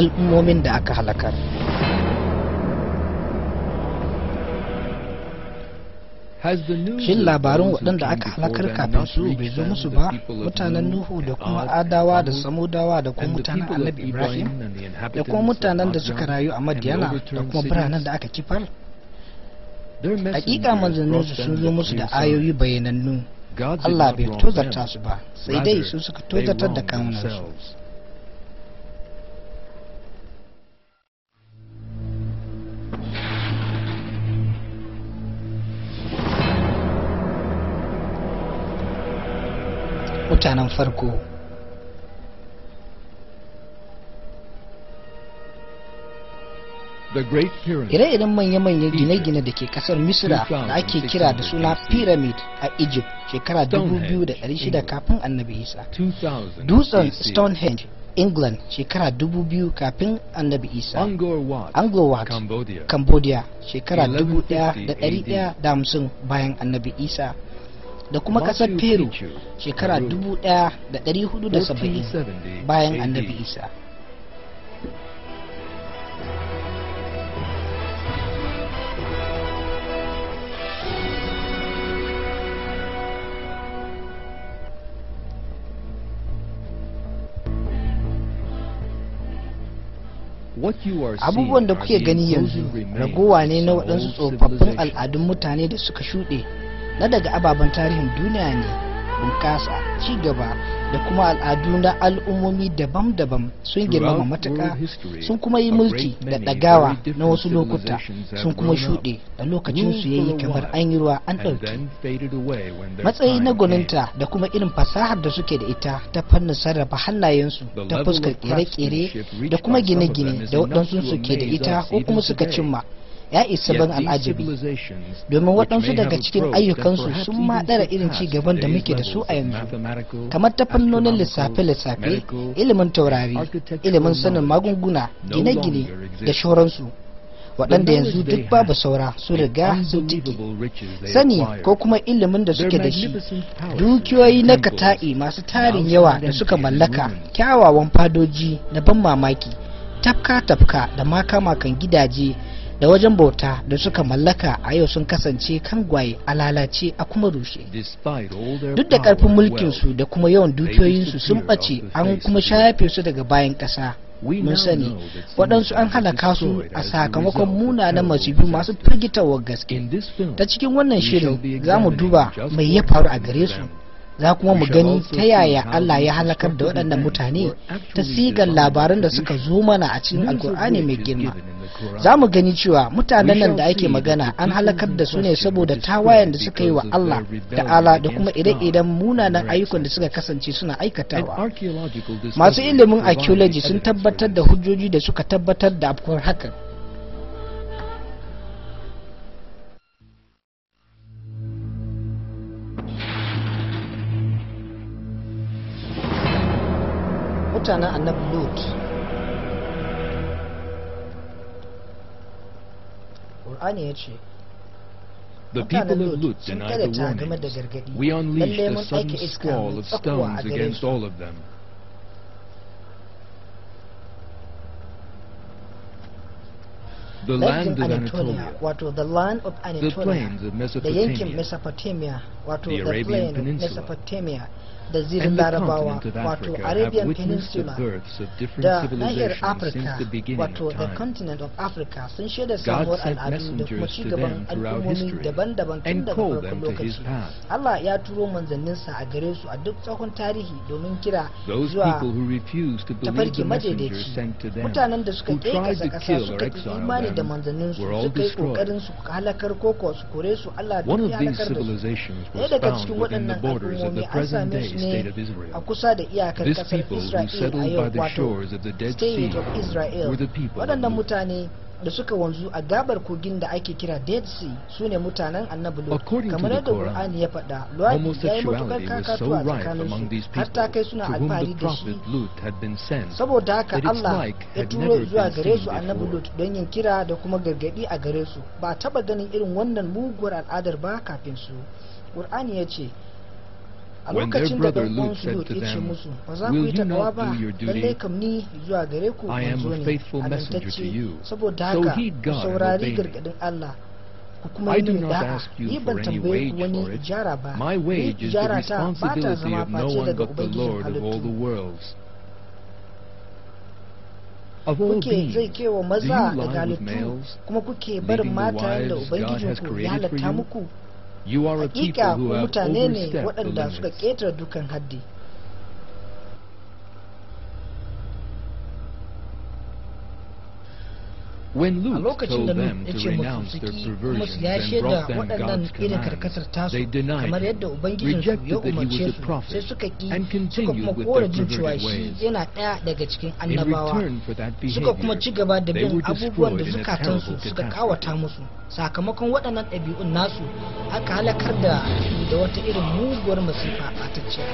al'ummomin da aka halakar shin labarin waɗanda aka halakar kafin su bai zo musu ba mutanen nuhu da kuma adawa da samudawa da kuma mutanen annabi ibrahim da kuma mutanen da suka rayu a madiyana da kuma biranen da aka kifar hakika su sun zo musu da ayoyi bayanannu allah bai tozarta su ba sai dai su suka tozartar da kawunansu mutanen farko ire-iren manya-manyan gine-gine da ke kasar misira da ake kira da suna pyramid a egypt shekara 2600 kafin annabi isa dutsen stonehenge england shekara 2000 kafin annabi isa angkor wat cambodia shekara 1150 bayan annabi isa da kuma kasar peru shekara 1470 bayan annabi isa abubuwan da kuke gani yanzu ragowa ne na waɗansu tsofaffin al'adun mutane da suka shuɗe na daga ababen tarihin duniya ne bunƙasa ci gaba da kuma al'adu na al'ummomi daban-daban sun girmama matuka sun kuma yi mulki da ɗagawa na wasu lokuta sun kuma shuɗe da lokacin su yayi kamar an yi ruwa an ɗauki matsayi na gwaninta da kuma irin fasahar da suke da ita ta fannin sarrafa hannayensu ta fuskar kere kere da kuma gine-gine da waɗansu suke da ita ko kuma suka cimma ya isa ban al'ajabi domin waɗansu daga cikin ayyukansu sun ma irin ci gaban da muke da su a yanzu kamar ta fannonin lissafe-lissafe ilimin taurari ilimin sanin magunguna gine-gine da shoransu waɗanda yanzu duk babu saura su riga sun tiki sani ko kuma ilimin da suke da shi dukiyoyi na kata'i masu tarin yawa da suka mallaka kyawawan fadoji na ban mamaki tafka-tafka da makamakan gidaje da wajen bauta da suka mallaka a yau sun kasance kan gwaye a lalace a kuma rushe duk da karfin mulkinsu da kuma yawan dukiyoyinsu sun ɓace an kuma shafe su daga bayan ƙasa mun sani waɗansu an halaka su a sakamakon munanan masifi masu firgitarwar gaske ta cikin wannan shirin za mu duba mai ya faru a gare su za kuma mu gani ta yaya Allah ya halakar da waɗannan mutane ta sigar labaran da suka zo mana a cikin alkur'ani mai girma za mu gani cewa mutanen nan da ake magana an halakar da su ne saboda tawayen da suka yi wa Allah da allah da kuma ire-iren munanan ayyukan da suka kasance suna aikatawa masu ilimin archaeology sun tabbatar da hujjoji da suka tabbatar da afkuwar hakan mutanen annabi lut ƙur'ani ya ce The people of Lut denied the warning. We unleashed a sudden squall of stones against all of them. The land of Anatolia, the plains of Mesopotamia, the Arabian Peninsula, da zirin larabawa wato arabian peninsula da nahiyar afirka wato the continent of africa sun shaida samuwar al'adu da kuma cigaban al'ummomi daban-daban tun daga farkon lokaci allah ya turo manzanninsa a gare su a duk tsakon tarihi domin kira zuwa tafarki madaidaici mutanen da suka kekasa kasa suka yi imani da manzanninsu suka yi kokarin su halakar koko su kore su allah da ya halakar da su ɗaya daga cikin waɗannan al'ummomi an same shi ne a kusa da iyakar kasar israel a yau wato State of Israel waɗannan mutane da suka wanzu a gabar kogin da ake kira Dead Sea su ne mutanen annabi Lot kamar yadda Qur'ani ya faɗa Lot ya yi matukar kakatuwa tsakanin su har ta kai suna alfahari da shi saboda haka Allah ya turo zuwa gare su annabi Lot don yin kira da kuma gargaɗi a gare su ba taɓa ganin irin wannan muguwar al'adar ba kafin su Qur'ani ya ce a lokacin da ɗan uwansu lot ya ce musu ba za ku yi taɓawa ba lallai kam ni zuwa gare ku manzo ne amintacce saboda haka ku saurari gargaɗin Allah ku kuma yi da'a ni ban tambaye ku wani jara ba ni ijara ta ba ta zama face daga ubangijin halittu kuke zai kewa maza da halittu kuma kuke barin mata da ubangijinku ya halatta muku ƙiƙa mutane ne waɗanda suka ƙetare dukan haddi When Luke lokacin da to ya ce perversions and kuma them God's da waɗannan irin him, rejected kamar yadda Ubangijinsu ya umarce su sai suka ƙi perverted kuma kora jin for shi yana ɗaya daga cikin annabawa suka kuma ci gaba da bin abubuwan da zukatansu suka kawata musu sakamakon waɗannan ɗabi'un nasu aka halakar da da wata irin muguwar masifa a ɓatacciya.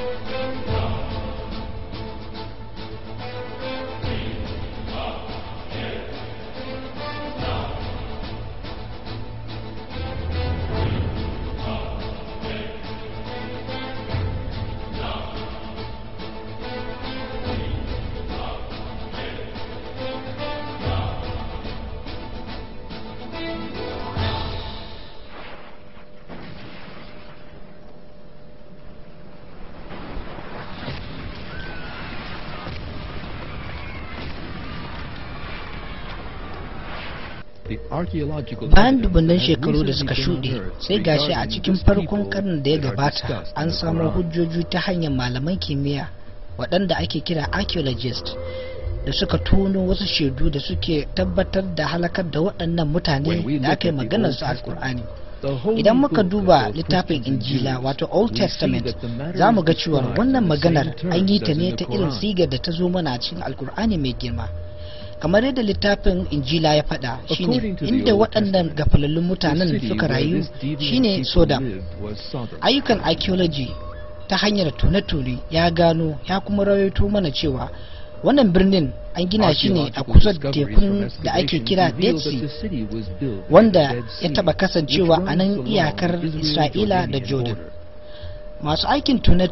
bayan dubunan shekaru da suka shuɗe sai gashi a cikin farkon karnin da ya gabata an samar hujjoji ta hanyar malaman kimiyya waɗanda ake kira archaeologist da suka tono wasu shaidu da suke tabbatar da halakar da waɗannan mutane da aka yi maganar su alkur'ani idan muka duba littafin injila wato old testament za mu ga cewa wannan maganar an yi ta ne ta irin sigar da ta zo mana cikin alkur'ani mai girma kamar yadda littafin injila ya faɗa shine inda waɗannan gafalallun mutanen suka rayu shine sodom ayyukan archaeology ta hanyar tone ya gano ya kuma rawaito mana cewa wannan birnin an gina shi ne a kusa da tekun da ake kira dead sea wanda ya taɓa kasancewa a nan iyakar isra'ila da jordan masu aikin tone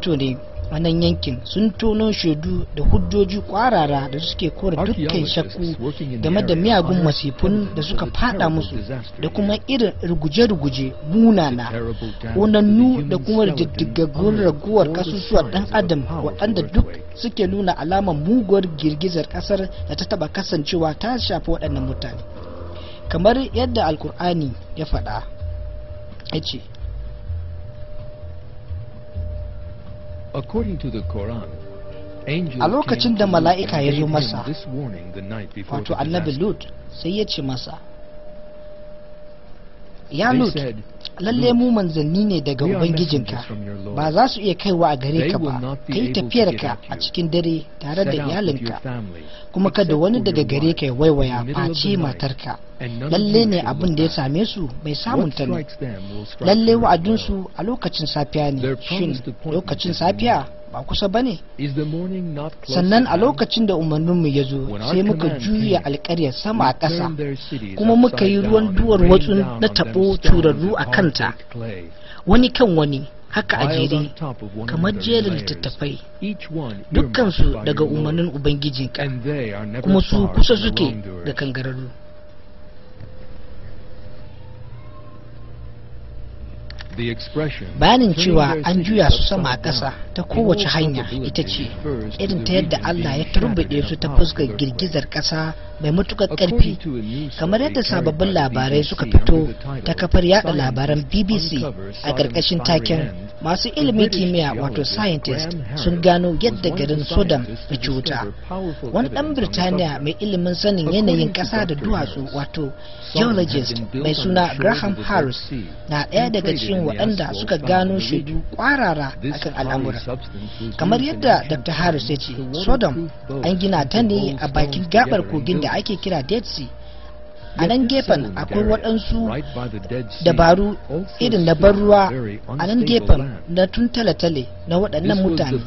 a nan yankin sun tono shaidu da hujjoji kwarara da suke kore dukkan shakku game da miyagun masifun da suka fada musu da kuma irin ruguje-ruguje munana onannu da kuma diddigaggun raguwar kasusuwar dan adam waɗanda duk suke nuna alamar muguwar girgizar ƙasar da ta taba kasancewa ta shafi waɗannan mutane kamar yadda alkur'ani ya faɗa ya ce a lokacin da mala'ika ya zo masa wato annabi lud sai ya ce masa ya lut lalle mu manzanni ne daga ubangijinka ba za su iya kaiwa a gare ka ba ka yi tafiyarka a cikin dare tare da iyalinka kuma kada wani daga gare ka ya waiwaya face matarka lalle ne abin da ya same su mai samun ta ne lalle wa'adinsu a lokacin safiya ne shin lokacin safiya ba kusa ba ne sannan a lokacin da umarninmu ya zo sai muka juya alkaryar sama a ƙasa kuma muka yi ruwan duwar watsu na taɓo turarru a kanta wani kan wani haka a jere kamar jerin littattafai dukkansu daga umarnin ubangijinka kuma su kusa suke da kangararru bayanin cewa an juya su sama a ƙasa ta kowace hanya ita ce irin ta yadda allah ya turbuɗe su ta fuskar girgizar ƙasa mai matukar karfi kamar yadda sababbin labarai suka fito ta kafar yada labaran bbc a karkashin taken masu ilimin kimiyya wato scientist sun gano yadda garin sodom da cuta wani dan birtaniya mai ilimin sanin yanayin kasa da duwatsu wato geologist mai suna graham harris na daya daga cikin waɗanda suka gano shi kwarara akan al'amura kamar yadda dr harris ya ce sodom an gina ta ne a bakin gabar kogin da ake kira dead sea a nan gefen akwai waɗansu dabaru irin na ban ruwa a nan gefen na tun tale-tale na waɗannan mutane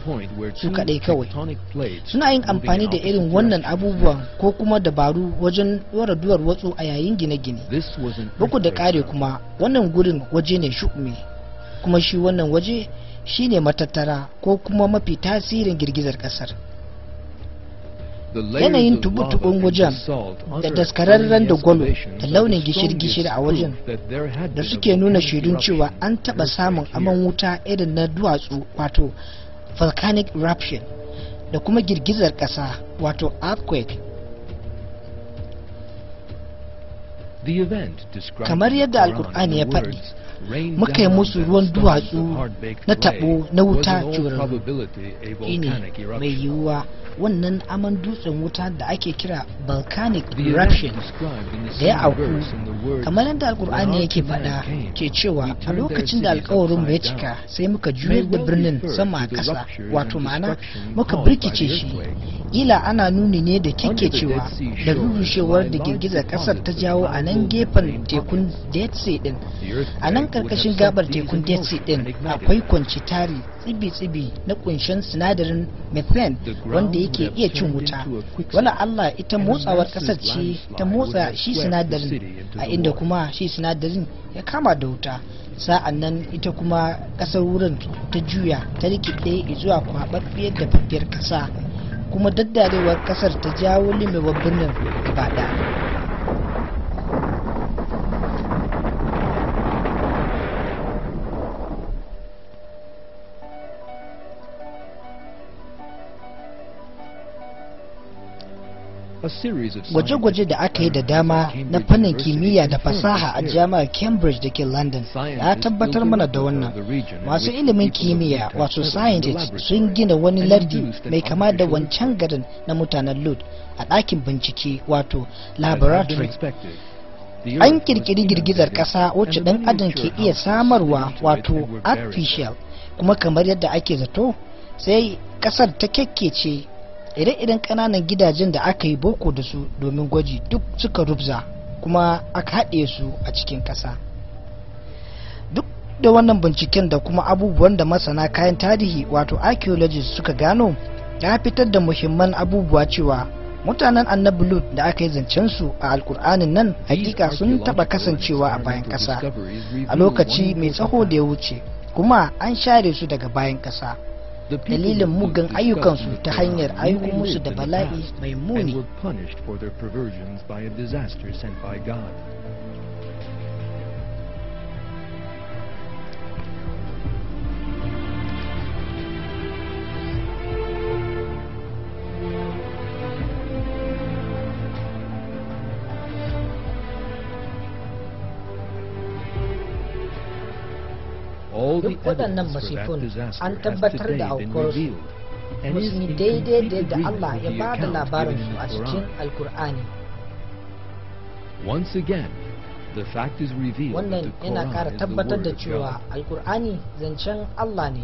su kaɗai kawai suna yin amfani da irin wannan abubuwan ko kuma dabaru wajen waraduwar watsu a yayin gine-gine buku da ƙare kuma wannan gurin waje ne shukme kuma shi wannan waje shine matattara ko kuma mafi tasirin girgizar ƙasar yanayin tubu-tubun wajen da daskararren da gwalo da launin gishir-gishir a wajen da suke nuna shaidun cewa an taɓa samun aman wuta irin na duwatsu wato volcanic eruption da kuma girgizar ƙasa wato earthquake kamar yadda alkur'ani ya faɗi muka yi musu ruwan duwatsu na tabo na wuta curarru ne mai yiwuwa wannan aman dutsen wuta da ake kira volcanic eruption da ya auku kamar yadda alkur'ani yake faɗa ke cewa a lokacin da alkawarin ya cika sai muka juyar da birnin sama a ƙasa wato ma'ana muka birkice shi ila ana nuni ne da cewa da rurushewar da girgizar ƙasar ta jawo a nan gefen tekun dead sea din a nan can karkashin gabar tekun dead sea din akwai kwanci tari tsibi-tsibi na kunshin sinadarin methane wanda yake iya cin wuta wala allah ita motsawar kasar ce ta motsa shi sinadarin a inda kuma shi sinadarin ya kama da wuta sa'an nan ita kuma kasar wurin ta juya ta rikide zuwa fiye da fafiyar kasa kuma daddarewar kasar ta jawo limewar birnin gaba Gwaje-gwaje da aka yi da dama na fannin kimiyya da fasaha a jami'ar Cambridge da ke London ya tabbatar mana da wannan. Masu ilimin kimiyya wato scientists sun gina wani lardi mai kama da wancan garin na mutanen Lod a ɗakin bincike wato laboratory. An kirkiri girgizar ƙasa wacce ɗan adam ke iya samarwa wato artificial kuma kamar yadda ake zato sai ƙasar ta kyakkece ire-iren ƙananan gidajen da aka yi boko da su domin gwaji duk suka rubza kuma aka haɗe su a cikin ƙasa duk da wannan binciken da kuma abubuwan da masana kayan tarihi wato archaeologists suka gano ya fitar da muhimman abubuwa cewa mutanen annabi lut da aka yi zancen su a alkur'anin nan hakika sun taɓa kasancewa a bayan ƙasa a lokaci mai tsaho da ya wuce kuma an share su daga bayan ƙasa. dalilin mugan ayyukansu ta hanyar aiko musu da bala'i mai muni duk waɗannan masifun an tabbatar da aukuwarsu su sun daidai da yadda Allah ya ba da labarinsu a cikin alkur'ani wannan yana ƙara tabbatar da cewa alkur'ani zancen Allah ne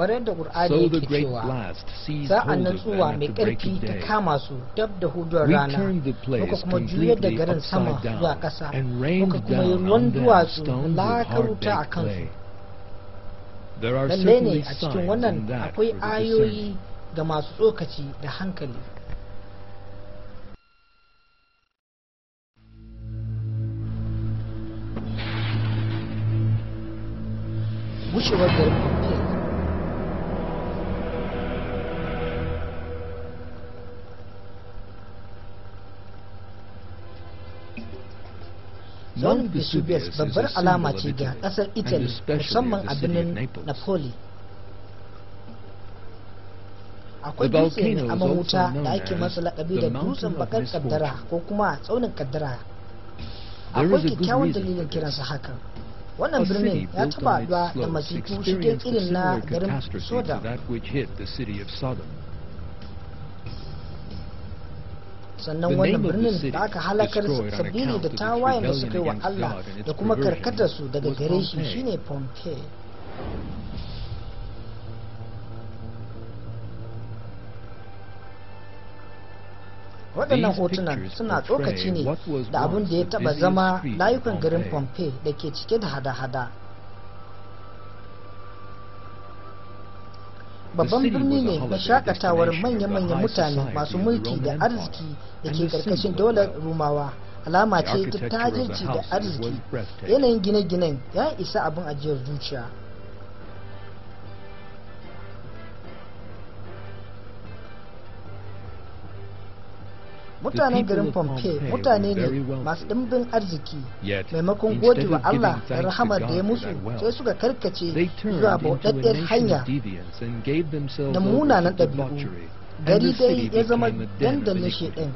kamar yadda qur'ani yake cewa sa'an nan tsuwa mai ƙarfi ta kama su dab da hudun rana muka kuma juyar da garin sama zuwa ƙasa muka kuma yi ruwan duwatsu wuta a kansu lallai ne a cikin wannan akwai ayoyi ga masu tsokaci da hankali were garin launin vesuvius babbar alama ce ga kasar italy musamman a birnin napoli akwai dutse ne a mahuta da ake masa lakabi da dutsen bakar kaddara ko kuma tsaunin kaddara akwai kyakkyawan dalilin kiransa hakan wannan birnin ya taba haɗuwa da masifu shigen irin na garin sodom sannan wannan birnin da aka halakar sabili da tawayen da suka yi wa Allah da kuma su daga gare shi shine Pompeii waɗannan hotunan suna tsokaci ne da abin da ya taɓa zama layukan garin pompeii da ke cike da hada-hada babban birni ne na shakatawar manya-manyan mutane masu mulki da arziki da ke karkashin dolar rumawa alama ce ta tajirci da arziki yanayin gine-ginen ya isa abin ajiyar zuciya mutanen garin pompeii mutane ne masu ɗimbin arziki maimakon gode wa allah da rahamar da ya musu sai suka karkace zuwa bautaddiyar hanya da munanan ɗabi'u gari dai ya zama dandalin shaidan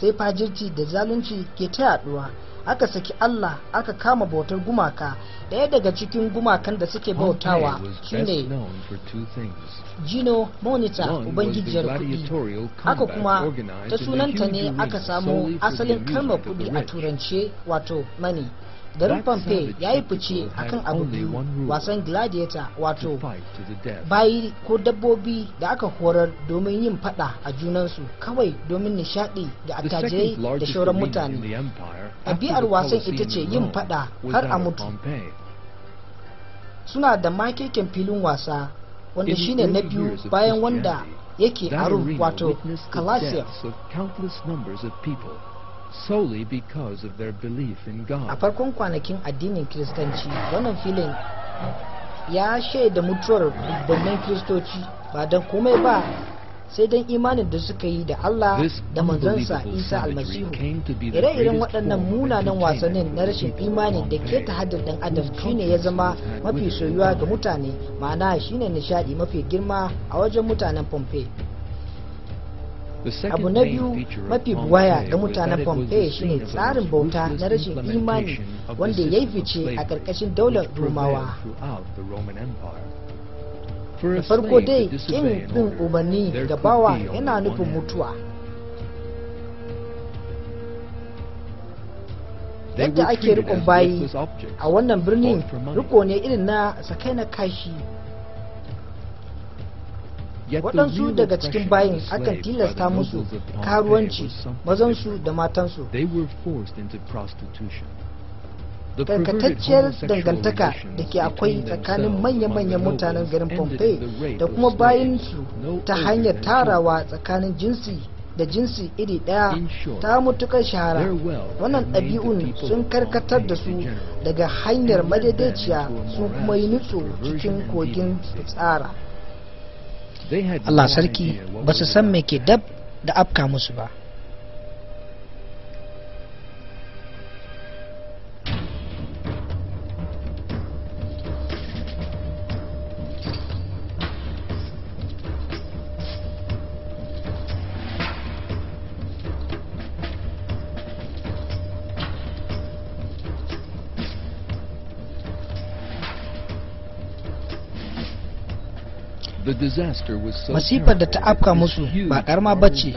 sai fajirci da zalunci ke ta yaduwa aka saki Allah aka kama bautar gumaka daya daga cikin gumakan da suke bautawa shine Gino Monita ubangijiyar kuɗi haka kuma ta sunanta ne aka samu asalin kalmar kuɗi a turance wato money garin pompey ya yi fice akan abu biyu wasan gladiator wato bayi ko dabbobi da aka horar domin yin fada a junansu kawai domin nishadi da attajirai da shauran mutane ɗabi'ar wasan ita ce yin fada har a mutu suna da makeken filin wasa wanda shine na biyu bayan wanda yake a wato calasia solely because of their belief in God. A farkon kwanakin addinin Kiristanci wannan filin ya shaida mutuwar dubban Kiristoci ba don komai ba sai don imanin da suka yi da Allah da manzansa Isa almasihu ire-iren waɗannan munanan wasannin na rashin imani da ke ta haddar ɗan adam shine ya zama mafi soyuwa ga mutane ma'ana shine nishadi mafi girma a wajen mutanen Pompeii abu na biyu mafi buwaya ga mutanen pompeii shine tsarin bauta na rashin imani wanda ya yi fice a ƙarƙashin daular romawa da farko dai kin bin umarni ga bawa yana nufin mutuwa yadda ake rikon bayi a wannan birnin riko ne irin na sakai na kashi waɗansu daga cikin bayin akan tilasta musu karuwanci mazansu da matansu karkatacciyar dangantaka da ke akwai tsakanin manya-manyan mutanen garin pompeii da kuma su ta hanyar tarawa tsakanin jinsi da jinsi iri ɗaya ta mutukar shahara wannan ɗabi'un sun karkatar da su daga hanyar madaidaiciya su kuma yi nutso cikin kogin tsara Allah sarki ba su san me ke dab da afka musu ba masifar da ta afka musu ba karma ce.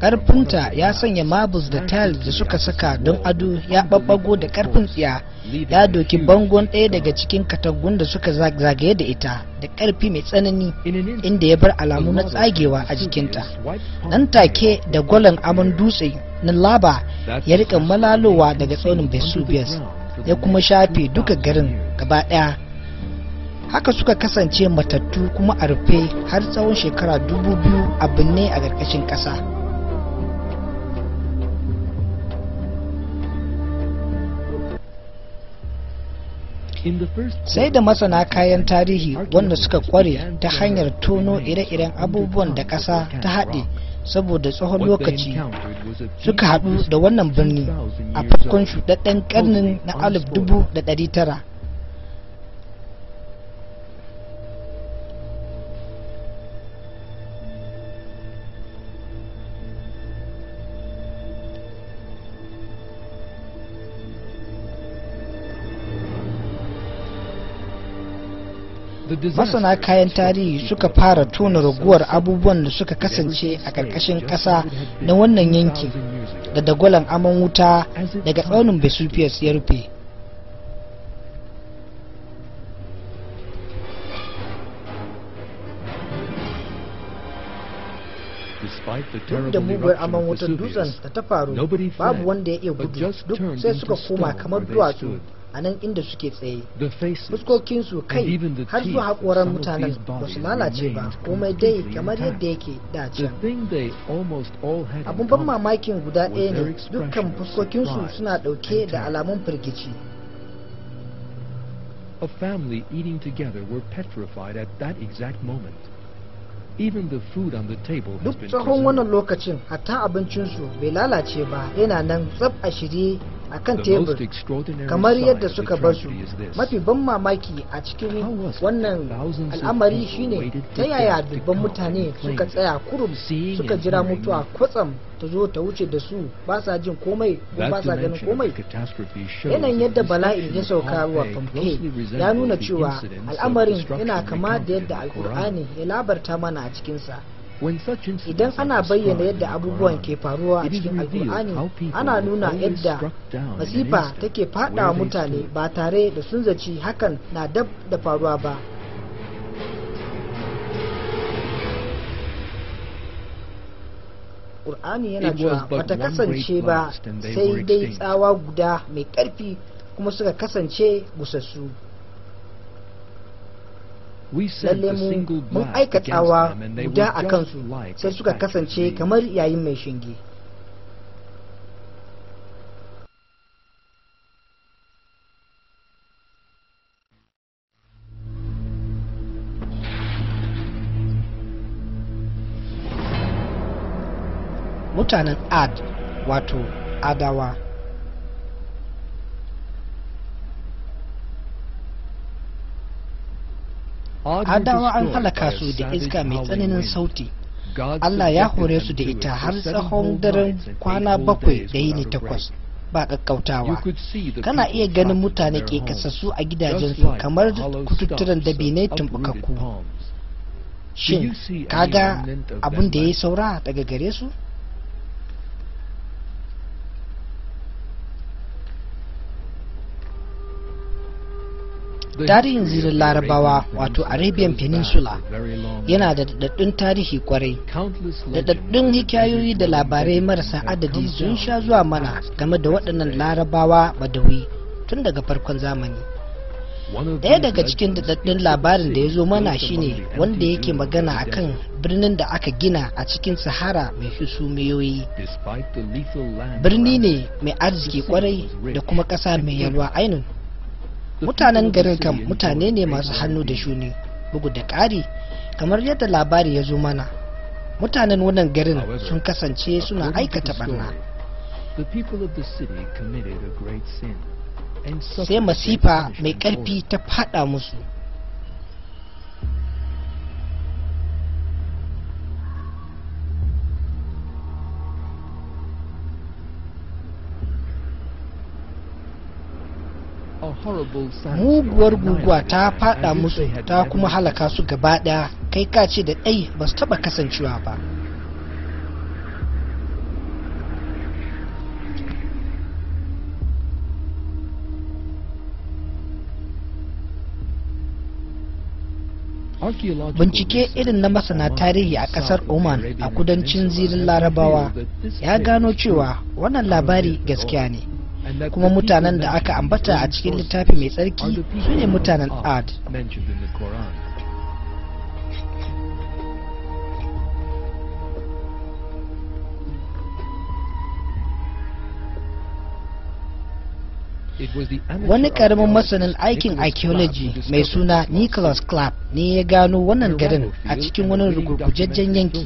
karfinta ya sanya marbles da tiles da suka saka don ado ya babbago da karfin tsiya ya doki bangon ɗaya daga cikin katangun da suka zagaye da ita da karfi mai tsanani inda ya bar alamu na tsagewa a jikinta nan take da gwalan amon dutse na laba ya rika malalowa daga tsaunin vesuvius ya kuma shafe duka garin gaba ɗaya haka suka kasance matattu kuma a rufe har tsawon shekara dubu biyu a binne a ƙarƙashin ƙasa sai da masana kayan tarihi wanda suka kware ta hanyar tono ire-iren abubuwan da ƙasa ta haɗe saboda tsohon lokaci suka haɗu da wannan birni a farkon shuɗaɗɗen ƙarnin na alif dubu da tara masana kayan tarihi suka fara tona raguwar abubuwan da suka kasance a ƙarƙashin ƙasa na wannan yanki da dagwalon aman wuta daga tsaunin vesuvius ya rufe duk da muguwar aman wutan dutsen da ta faru babu wanda ya iya gudu duk sai suka koma kamar duwatsu a nan inda suke tsaye su kai har zuwa haƙoran mutanen ba su lalace ba komai dai kamar yadda yake dace can abun ban mamakin guda ɗaya ne dukkan fuskokinsu suna ɗauke da alamun firgici A family eating together were petrified at that exact moment. Even the food on the table Duk tsohon wannan lokacin hatta abincinsu bai lalace ba yana nan tsab a shirye a kan tebur kamar yadda suka bar su mafi ban mamaki a cikin wannan al'amari shine ta yaya dubban mutane suka tsaya kurum suka jira mutuwa kwatsam ta zo ta wuce da su ba sa jin komai ko ba sa ganin komai yanayin yadda bala'i ya sauka wa famfe ya nuna cewa al'amarin yana kama da yadda alkur'ani ya labarta mana a cikinsa idan ana bayyana yadda abubuwan ke faruwa a cikin alkur'ani ana nuna yadda masifa take fada mutane ba tare da sun zaci hakan na dab da faruwa ba ƙur'ani yana cewa bata kasance ba sai dai tsawa guda mai ƙarfi kuma suka kasance gusassu lalle mu mun aikatawa guda a kansu sai suka kasance kamar yayin mai shinge mutanen ad wato adawa adawa an halaka su da iska mai tsananin sauti allah ya hore su da ita har tsahon daren kwana bakwai da yini takwas ba kakkautawa kana iya ganin mutane ke kasassu a gidajensu kamar kututturen dabinai tumbukakku shin kaga abin da ya yi saura daga gare su tarihin zirin larabawa wato arabian peninsula yana da daɗaɗɗun tarihi kwarai daɗaɗɗun hikayoyi da labarai marasa adadi sun sha zuwa mana game da waɗannan larabawa badawi tun daga farkon zamani ɗaya daga cikin daɗaɗɗun labarin da ya zo mana shine wanda yake magana a kan birnin da aka gina a cikin sahara mai husumiyoyi birni ne mai arziki kwarai da kuma ƙasa mai yalwa ainihin mutanen garin kam mutane ne masu hannu da shuni bugu da ƙari kamar yadda labari ya zo mana mutanen wannan garin sun kasance suna aikata barna sai masifa mai ƙarfi ta fada musu muguwar guguwa ta fada musu ta kuma halaka su gaba daya kai kace da ɗai ba su taba kasancewa ba bincike irin na masana tarihi a kasar oman a kudancin zirin larabawa ya gano cewa wannan labari gaskiya ne kuma mutanen da aka ambata a cikin littafi mai tsarki su ne mutanen ad wani karamin masanin aikin archaeology mai suna nicholas clapp ne ya gano wannan garin a cikin wani rugurgujejjen yanki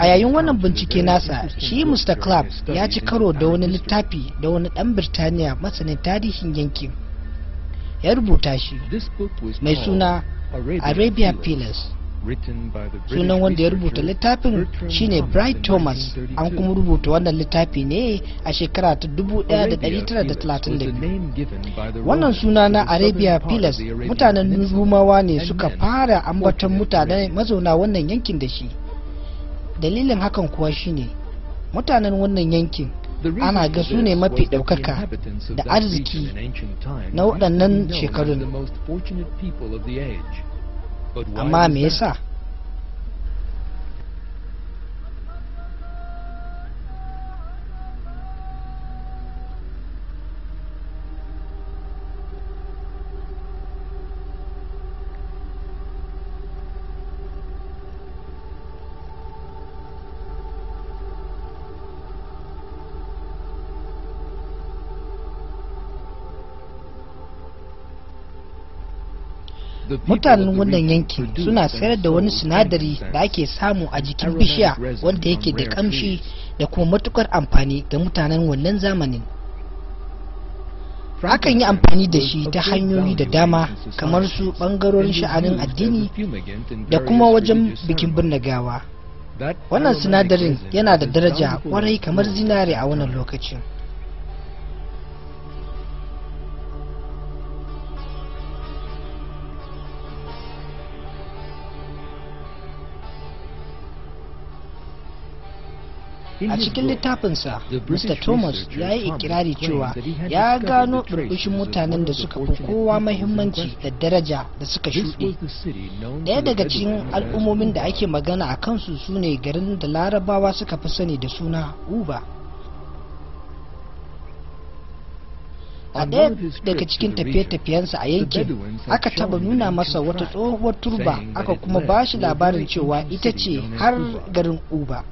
a yayin wannan bincike nasa shi mr clark ya ci karo da wani littafi da wani dan birtaniya masanin tarihin yankin ya rubuta shi mai suna arabia pillars sunan wanda ya rubuta littafin shine bright thomas an kuma rubuta wannan littafi ne a shekara ta 1932 wannan suna na arabia pillars mutanen rumawa ne suka fara ambaton mutane mazauna wannan yankin da shi dalilin hakan kuwa shine mutanen wannan yankin ana ga su ne mafi ɗaukaka da arziki na waɗannan shekarun amma me yasa mutanen wannan yankin suna sayar da wani sinadari da ake samu a jikin bishiya wanda yake da kamshi da kuma matukar amfani ga mutanen wannan zamanin akan yi amfani da shi ta hanyoyi da dama kamar su bangarorin sha'anin addini da kuma wajen bikin birnin gawa wannan sinadarin yana da daraja kwarai kamar zinare a wannan lokacin a cikin littafinsa mr thomas ya yi ikirari cewa ya gano burbushin mutanen da suka fi kowa mahimmanci da daraja da suka shuɗe ɗaya daga cikin al'ummomin da ake magana a kansu su ne garin da larabawa suka fi sani da suna uba a ɗaya daga cikin tafiye-tafiyensa a yankin aka taba nuna masa wata tsohuwar turba aka kuma ba shi labarin cewa ita ce har garin uba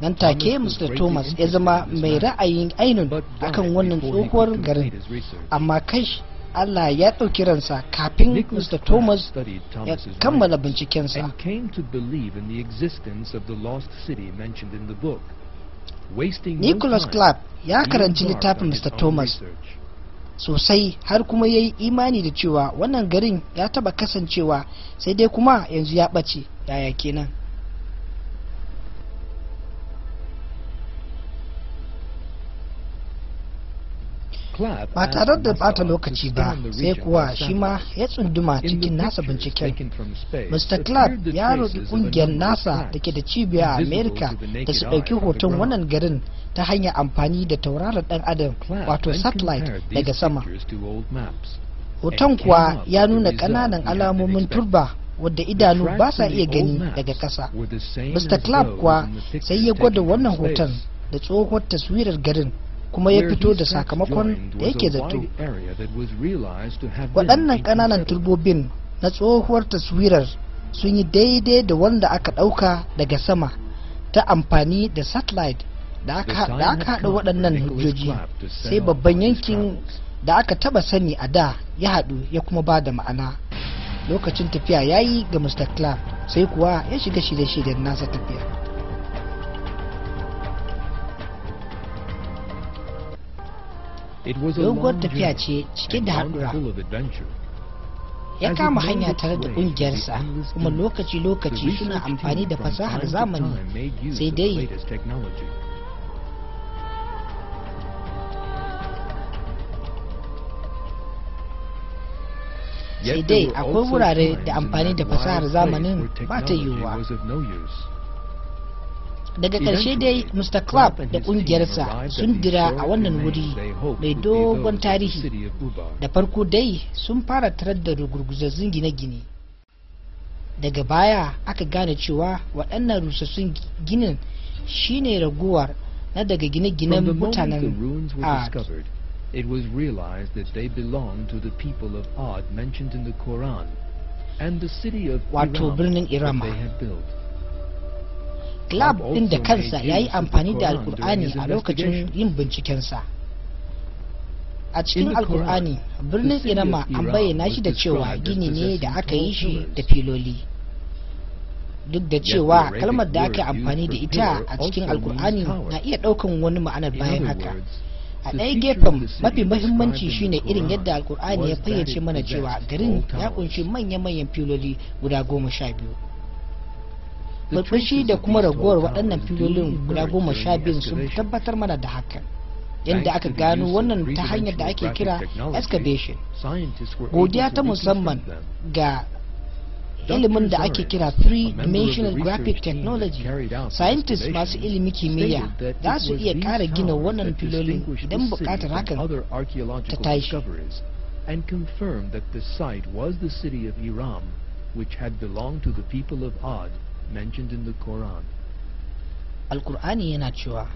nan take mr thomas ya zama mai ra'ayin ainun akan wannan tsohuwar garin amma kai Allah ya ɗauki ransa kafin Mr. Thomas ya kammala bincikensa. Nicholas Clark ya karanci littafin Mr. Thomas sosai har kuma ya yi imani da cewa wannan garin ya taba kasancewa sai dai kuma yanzu ya ɓace yaya kenan. ba tare da bata lokaci ba sai kuwa shi ma ya tsunduma cikin nasa binciken mr clark ya roƙi ƙungiyar nasa da ke da cibiya a america da su ɗauki hoton wannan garin ta hanyar amfani da tauraron ɗan adam wato satellite daga sama hoton kuwa ya nuna ƙananan alamomin turba wadda idanu ba sa iya gani daga ƙasa mr clark kuwa sai ya gwada wannan hoton da tsohon taswirar garin kuma ya fito da sakamakon da yake zato waɗannan ƙananan turbobin na tsohuwar taswirar sun yi daidai da wanda aka ɗauka daga sama ta amfani da satellite da aka haɗa waɗannan hujjoji sai babban yankin da aka taba sani a da ya haɗu ya kuma ba da ma'ana lokacin tafiya ya yi ga mr clark sai kuwa ya shiga shirye-shiryen nasa tafiya doguwar tafiya ce cike da haɗura ya kama hanya tare da ƙungiyarsa kuma lokaci-lokaci suna amfani da fasahar zamani sai dai sai dai akwai wurare da amfani da fasahar zamanin ba ta yiwuwa daga karshe dai mr clark da kungiyarsa sun dira a wannan wuri mai dogon tarihi da farko dai sun fara tarar da rugurguzazzun gine-gine daga baya aka gane cewa waɗannan rusassun ginin shine raguwar na daga gine-ginen mutanen It was realized that they belonged to the people of Ard mentioned in the Quran and the city of Iram that they had built. club din da kansa ya yi amfani da alkur'ani a lokacin yin bincikensa a cikin alkur'ani birnin inama an bayyana shi da cewa gini ne da aka yi shi da filoli duk da cewa kalmar da aka amfani da ita a cikin alkur'ani na iya ɗaukan wani ma'anar bayan haka a ɗaya gefen mafi mahimmanci shine irin yadda alkur'ani ya fayyace mana cewa garin ya kunshi manya-manyan filoli guda goma sha biyu burbushi da kuma raguwar waɗannan filolin guda goma sha biyun sun tabbatar mana da hakan yanda aka gano wannan ta hanyar da ake kira excavation godiya ta musamman ga ilimin da ake kira three-dimensional graphic technology scientists masu ilimin kimiyya za su iya kara gina wannan filolin idan bukatar hakan ta tashi and confirm that the site was the city Iram, which had belonged to the people of Ad mentioned in the Quran? Al-Qur'ani yana cewa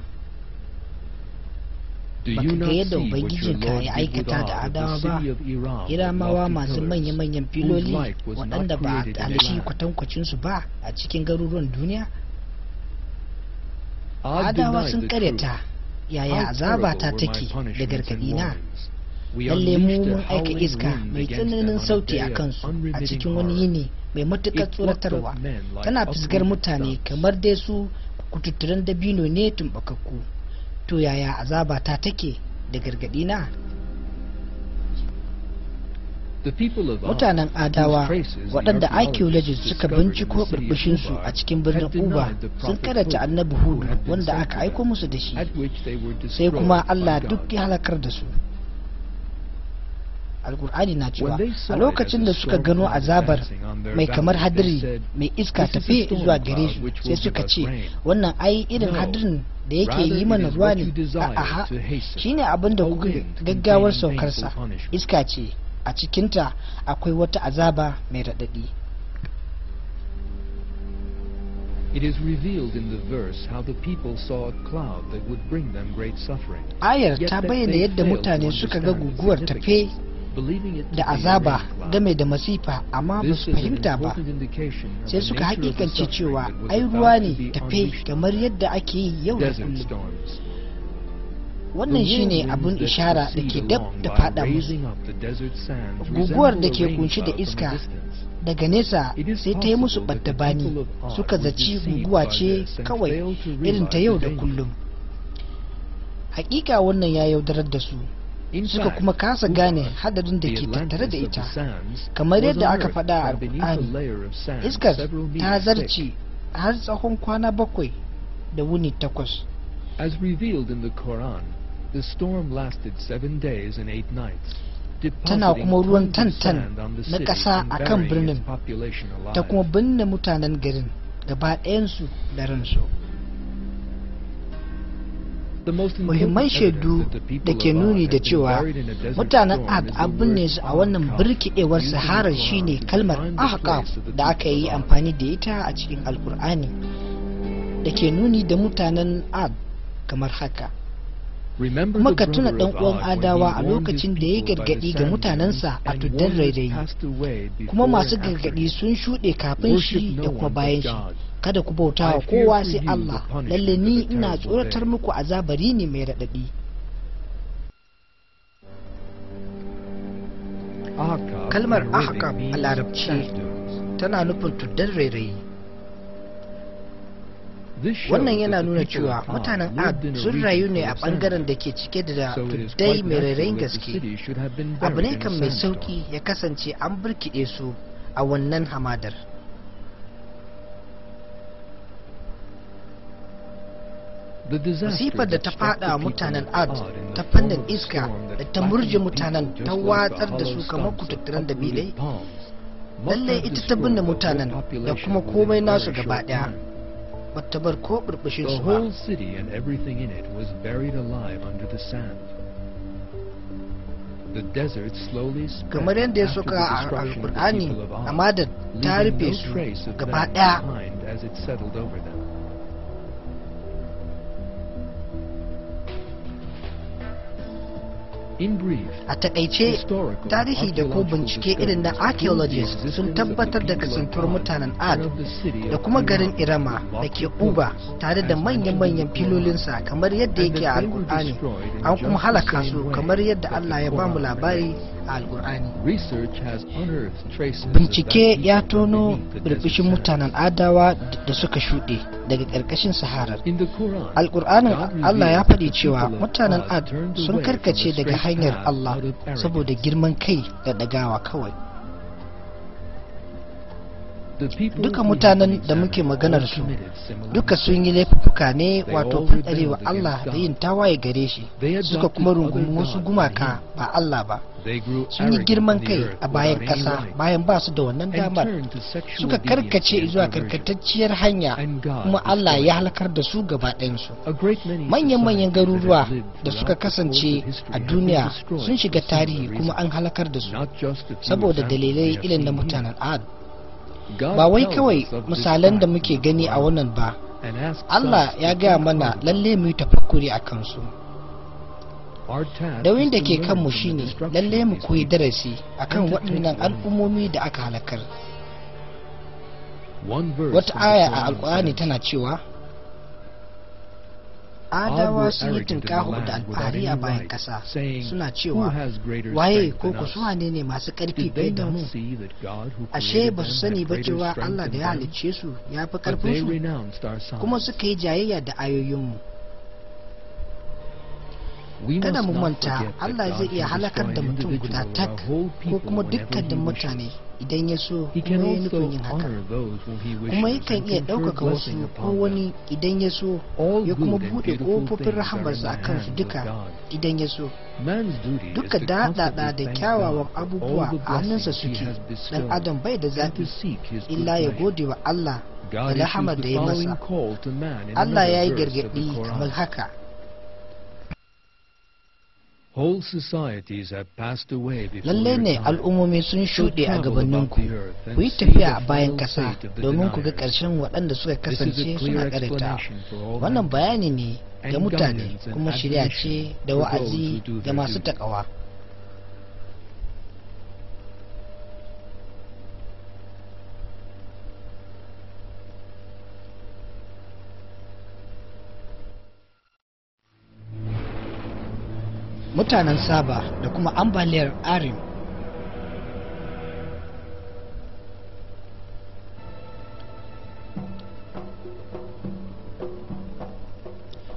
baka ga yadda ya aikata da adawa ba iramawa masu manya-manyan filoli waɗanda ba a kwatankwacin kwatankwacinsu ba a cikin garuruwan duniya adawa sun karyata yaya azaba ta take da gargadi na lalle mu mun aika iska mai tsananin sauti a kansu a cikin wani yini mai matuƙar tsoratarwa tana fisgar mutane kamar dai su kututturen dabino ne tumbakakku to yaya azaba ta take da gargaɗi na mutanen adawa waɗanda archaeologists suka binciko birbishinsu a cikin birnin uba sun karanta annabi hudu wanda aka aiko musu da shi sai kuma allah duk ya halakar da su alkur'ani na cewa a lokacin da suka gano azabar mai kamar hadiri mai iska tafe zuwa gare uh, su sai suka ce wannan ai irin hadirin da yake yi mana ruwa ne a ha shine abin da kuka gaggawar saukarsa iska ce a cikinta akwai wata azaba mai radadi. It is revealed in the verse how the people saw a cloud that would bring them great suffering. Ayar ta bayyana yadda mutane suka ga guguwar tafe da azaba game da masifa amma ba su fahimta ba sai suka hakikance cewa ai ruwa ne tafe kamar yadda ake yi yau da kullum wannan shine abin ishara da ke dab da fada musu guguwar da ke kunshi da iska daga nesa sai ta yi musu bani suka zaci guguwa ce kawai irin ta yau da kullum hakika wannan ya yaudarar da su suka kuma kasa gane hadarin da ke tattare da ita kamar yadda aka faɗa a alƙur'ani iskar ta zarce har tsakon kwana bakwai da wuni takwas as revealed in the Quran the storm lasted seven days and eight nights tana kuma ruwan tantan na ƙasa a kan birnin ta kuma binne mutanen garin gaba su da ransu muhimman shaidu da ke nuni da cewa mutanen ad an binne su a wannan birkiɗewar saharar shine kalmar ahqaf da aka yi amfani da ita a cikin alkur'ani da ke nuni da mutanen ad kamar haka maka tuna dan uwan adawa a lokacin da ya gargadi ga mutanensa a tuddan rairayi kuma masu gargadi sun shuɗe kafin shi da kuma bayan shi kada ku bauta wa kowa sai Allah lalle ni ina tsoratar muku azabari ne mai raɗaɗi kalmar ahkam a larabci tana nufin tuddan rairayi wannan yana nuna cewa mutanen ad sun rayu ne a bangaren da ke cike da tuddai mai rairayin gaske abu ne kan mai sauki ya kasance an birkiɗe su a wannan hamadar masifar da ta fada mutanen art ta fannin iska da ta murje mutanen ta watsar da su kamar kututturen da bilai lallai ita ta binne mutanen da kuma komai nasu gaba daya ba ta bar ko burbushin su ba kamar yadda ya soka a alkur'ani da ta rufe su gaba daya a takaice tarihi da ko bincike irin na archaeologists sun tabbatar da kasantuwar mutanen ad da kuma garin irama da ke uba tare da manyan manyan filolinsa kamar yadda yake a al'urani an kuma halaka su kamar yadda allah ya bamu labari a al'urani. bincike ya tono birbishin mutanen adawa da suka shuɗe daga ƙarƙashin saharar alƙur'anin allah ya faɗi cewa mutanen ad sun karkace daga hanyar allah saboda girman kai da ɗagawa kawai duka mutanen da muke maganar su duka sun yi laifuka ne wato fanɗarewa Allah da yin tawaye gare shi suka kuma rungumi wasu gumaka ba Allah ba sun yi girman kai a bayan kasa bayan ba su da wannan damar suka karkace zuwa karkatacciyar hanya kuma Allah ya halakar da su gaba ɗayansu manyan-manyan garuruwa da suka kasance a duniya sun shiga tarihi kuma an halakar da su saboda dalilai ilin na mutanen adu. ba wai kawai misalan da muke gani a wannan ba Allah ya gaya mana lalle mu yi tafakuri a kansu nauyin da ke kanmu shine lalle mu koyi darasi akan waɗannan al'ummomi da aka halakar wata aya a alkur'ani tana cewa adawa sun yi tunƙaho da alfahari a bayan ƙasa suna cewa waye ko ku suwa ne ne masu ƙarfi fiye da mu ashe ba su sani ba cewa allah da ya halicce su ya fi ƙarfin su kuma suka yi jayayya da ayoyinmu kada mu manta Allah zai iya halakar da mutum guda tak ko kuma dukkanin mutane idan ya so kuma ya nufin yin haka kuma yakan iya ɗaukaka wasu ko wani idan ya so ya kuma buɗe ƙofofin rahamarsa a kansu duka idan ya so duka daɗaɗa da kyawawan abubuwa a hannunsa suke ɗan adam bai da zafi illa ya gode wa Allah da rahamar da ya masa Allah ya yi gargaɗi kamar haka Lallai ne al'ummomi sun shuɗe a gabaninku, ku yi tafiya a bayan ƙasa domin ku ga ƙarshen waɗanda suka kasance suna ƙarita Wannan bayani ne ga mutane kuma shirya ce da wa'azi da masu taƙawa. mutanen saba da kuma ambaliyar arim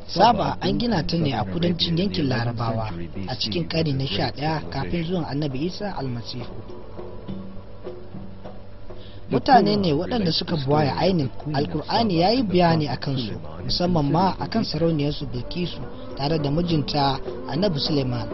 saba an gina ta ne a kudancin yankin larabawa a cikin kari na sha ɗaya kafin zuwan annabi isa almasihu mutane ne waɗanda suka buwaya ainihin alkur'ani ya yi bayani a kansu musamman ma a kan sarauniyarsu bilkisu tare da mijinta annabi suleiman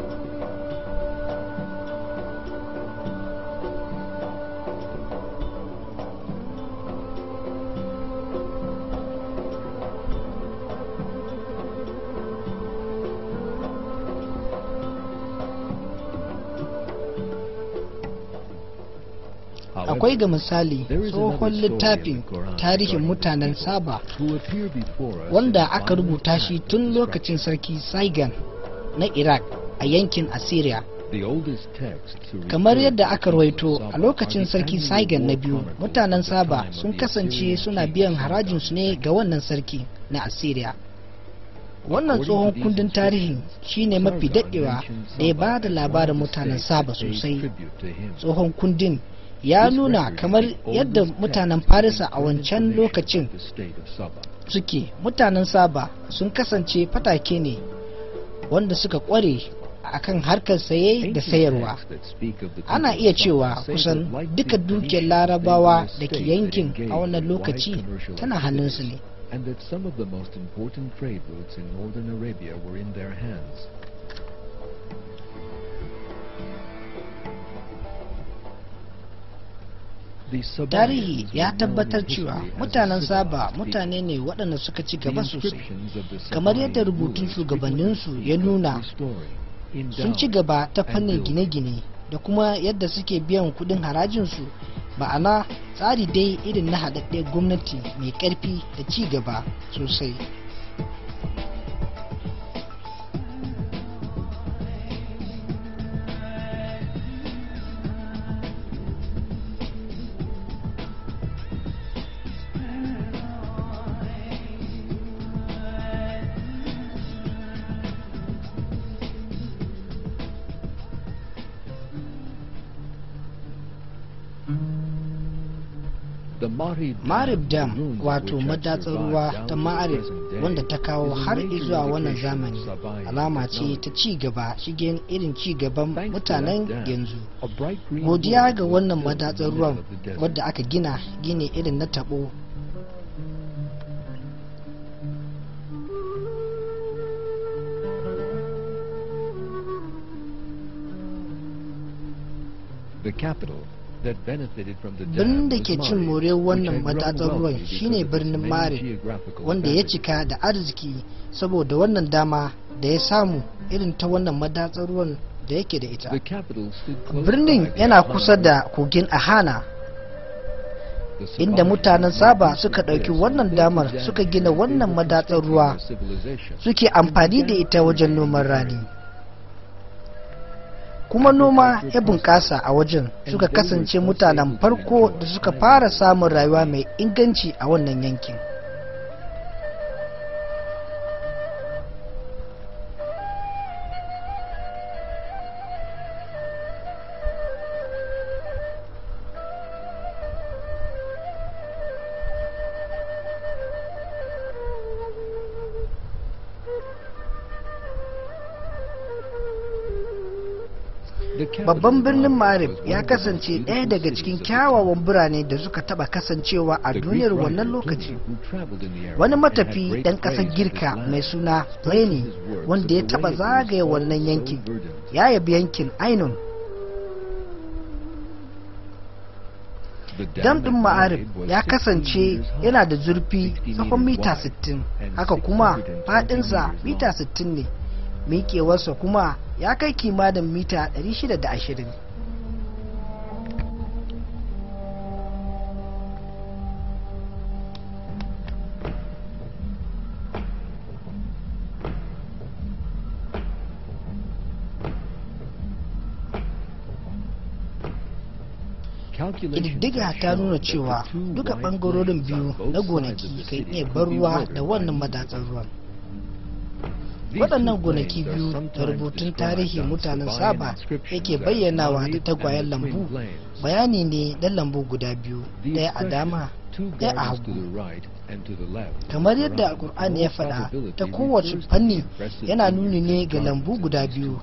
akwai ga misali tsohon littafin tarihin mutanen saba wanda aka rubuta shi tun lokacin sarki saigon na iraq a yankin assyria kamar yadda aka rawaito a lokacin sarki saigon na biyu mutanen saba sun kasance suna biyan harajinsu ne ga wannan sarki na assyria wannan tsohon kundin tarihin shine mafi daɗewa da ya ba da labarin mutanen saba sosai tsohon kundin ya nuna kamar yadda mutanen farisa a wancan lokacin suke mutanen saba sun kasance fatake ne wanda suka kware akan harkar saye da sayarwa ana iya cewa kusan duka dukiyar larabawa da ke yankin a wannan lokaci tana hannunsu ne tarihi ya tabbatar cewa mutanen saba mutane ne waɗanda suka ci gaba sosai kamar yadda rubutun shugabanninsu ya nuna sun ci gaba ta fannin gine-gine da kuma yadda suke biyan kuɗin harajinsu ma'ana tsari dai irin na haɗaɗɗen gwamnati mai ƙarfi da ci gaba sosai Marib Dam wato madatsar ruwa ta Ma'arib wanda ta kawo har zuwa wannan zamani alama ce ta ci gaba shigen irin ci gaban mutanen yanzu. Godiya ga wannan madatsar ruwan wadda aka gina gine irin na tabo The capital birnin da ke cin more wannan matatsar ruwan shine birnin mare wanda ya cika da arziki saboda wannan dama da ya samu irin ta wannan matatsar ruwan da yake da ita birnin yana kusa da kogin ahana inda mutanen saba suka ɗauki wannan damar suka gina wannan madatsar ruwa suke amfani da ita wajen noman rani kuma noma ya bunƙasa a wajen suka kasance mutanen farko da suka fara samun rayuwa mai inganci a wannan yankin babban birnin marib ya kasance ɗaya daga cikin kyawawan birane da suka taɓa kasancewa a duniyar wannan lokaci wani matafi ɗan ƙasar girka mai suna Reni wanda ya taɓa zagaya wannan yankin ya yabi yankin ainun ɗin ma'arif ya kasance yana da zurfi tsakon mita 60 haka kuma faɗinsa mita 60 ne miƙewarsa kuma ya kai kimanin mita 620 ididdiga ta nuna cewa duka ɓangarorin biyu na gonaki kan iya bar ruwa da wannan madatsar ruwan waɗannan gonaki biyu da rubutun tarihi mutanen saba yake bayyanawa da tagwayen lambu bayani ne dan lambu guda biyu ɗaya a dama ɗaya a hagu kamar yadda alkur'ani ya faɗa ta kowace fanni yana nuni ne ga lambu guda biyu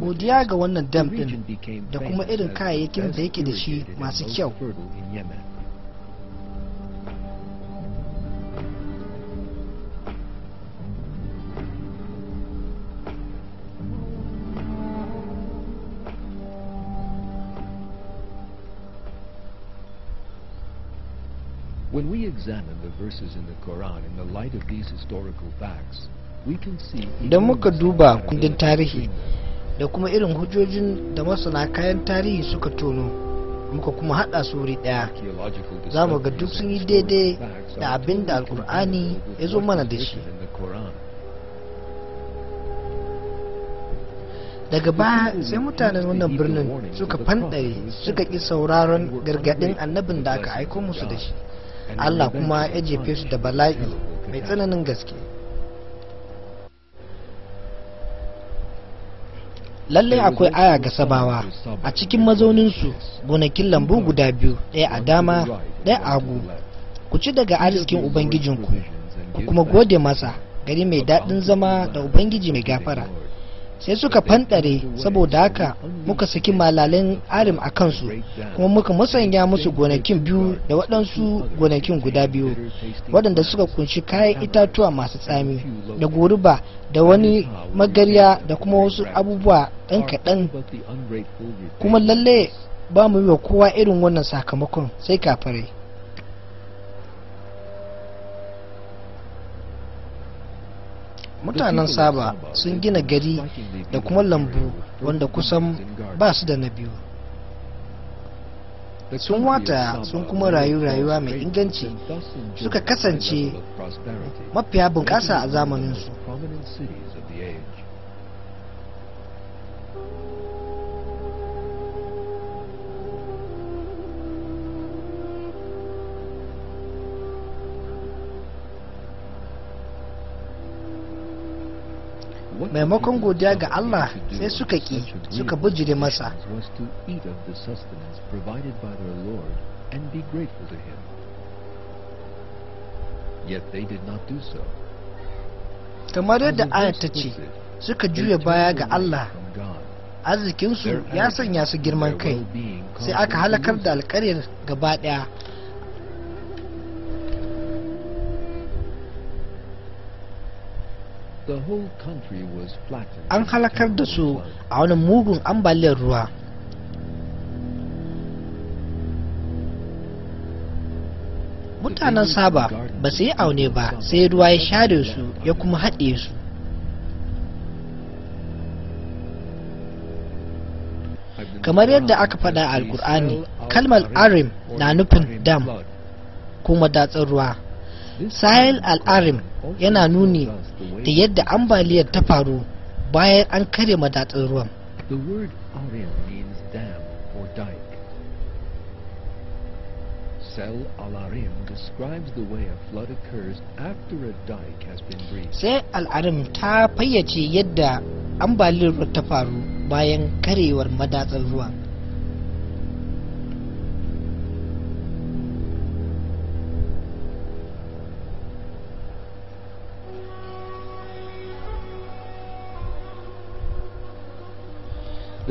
godiya ga wannan dam din da kuma irin kayayyakin da yake da shi masu When we examine the verses in the Quran in the light of these historical facts, idan muka duba kundin tarihi da kuma irin hujjojin da masana kayan tarihi suka tono muka kuma hada su wuri daya za mu ga duk sun yi daidai da abin da alkur'ani ya zo mana da shi daga baya sai mutanen wannan birnin suka fanɗare suka ƙi sauraron gargaɗin annabin da aka aiko musu da shi allah kuma ya jefe su da bala'i mai tsananin gaske lallai akwai aya ga sabawa a cikin mazauninsu gonakin lambu guda biyu ɗaya a dama ɗaya a hagu ku ci daga arzikin ubangijinku ku kuma gode masa gari mai daɗin zama da ubangiji mai gafara sai suka fanɗare saboda haka muka saki malalin arim a kansu kuma muka musanya musu gonakin biyu da waɗansu gonakin guda biyu waɗanda suka kunshi kayan itatuwa masu tsami da goruba da wani magarya da kuma wasu abubuwa ɗan kaɗan kuma lalle ba mu yi wa kowa irin wannan sakamakon sai kafarai mutanen saba sun gina gari da kuma lambu wanda kusan ba su da na biyu sun wata sun kuma rayu rayuwa mai inganci suka kasance mafiya bunƙasa a zamaninsu maimakon godiya ga Allah sai suka ki suka bujire masa kamar yadda ayat ta ce suka juya baya ga Allah arzikinsu ya sanya su girman kai sai aka halakar da alkaryar gaba ɗaya an halakar da su a wani mugun ambaliyar ruwa mutanen saba ba su yi aune ba sai ruwa ya share su ya kuma haɗe su kamar yadda aka faɗa a alkur'ani kalmar arim na nufin dam kuma datsar ruwa sahel arim yana nuni da yadda ambaliyar ta faru bayan an kare madatsar ruwan Sel al-Arim describes the way a flood occurs after a dike has been breached. Sai al-Arim ta fayyace yadda ambaliyar ta faru bayan karewar madatsar ruwan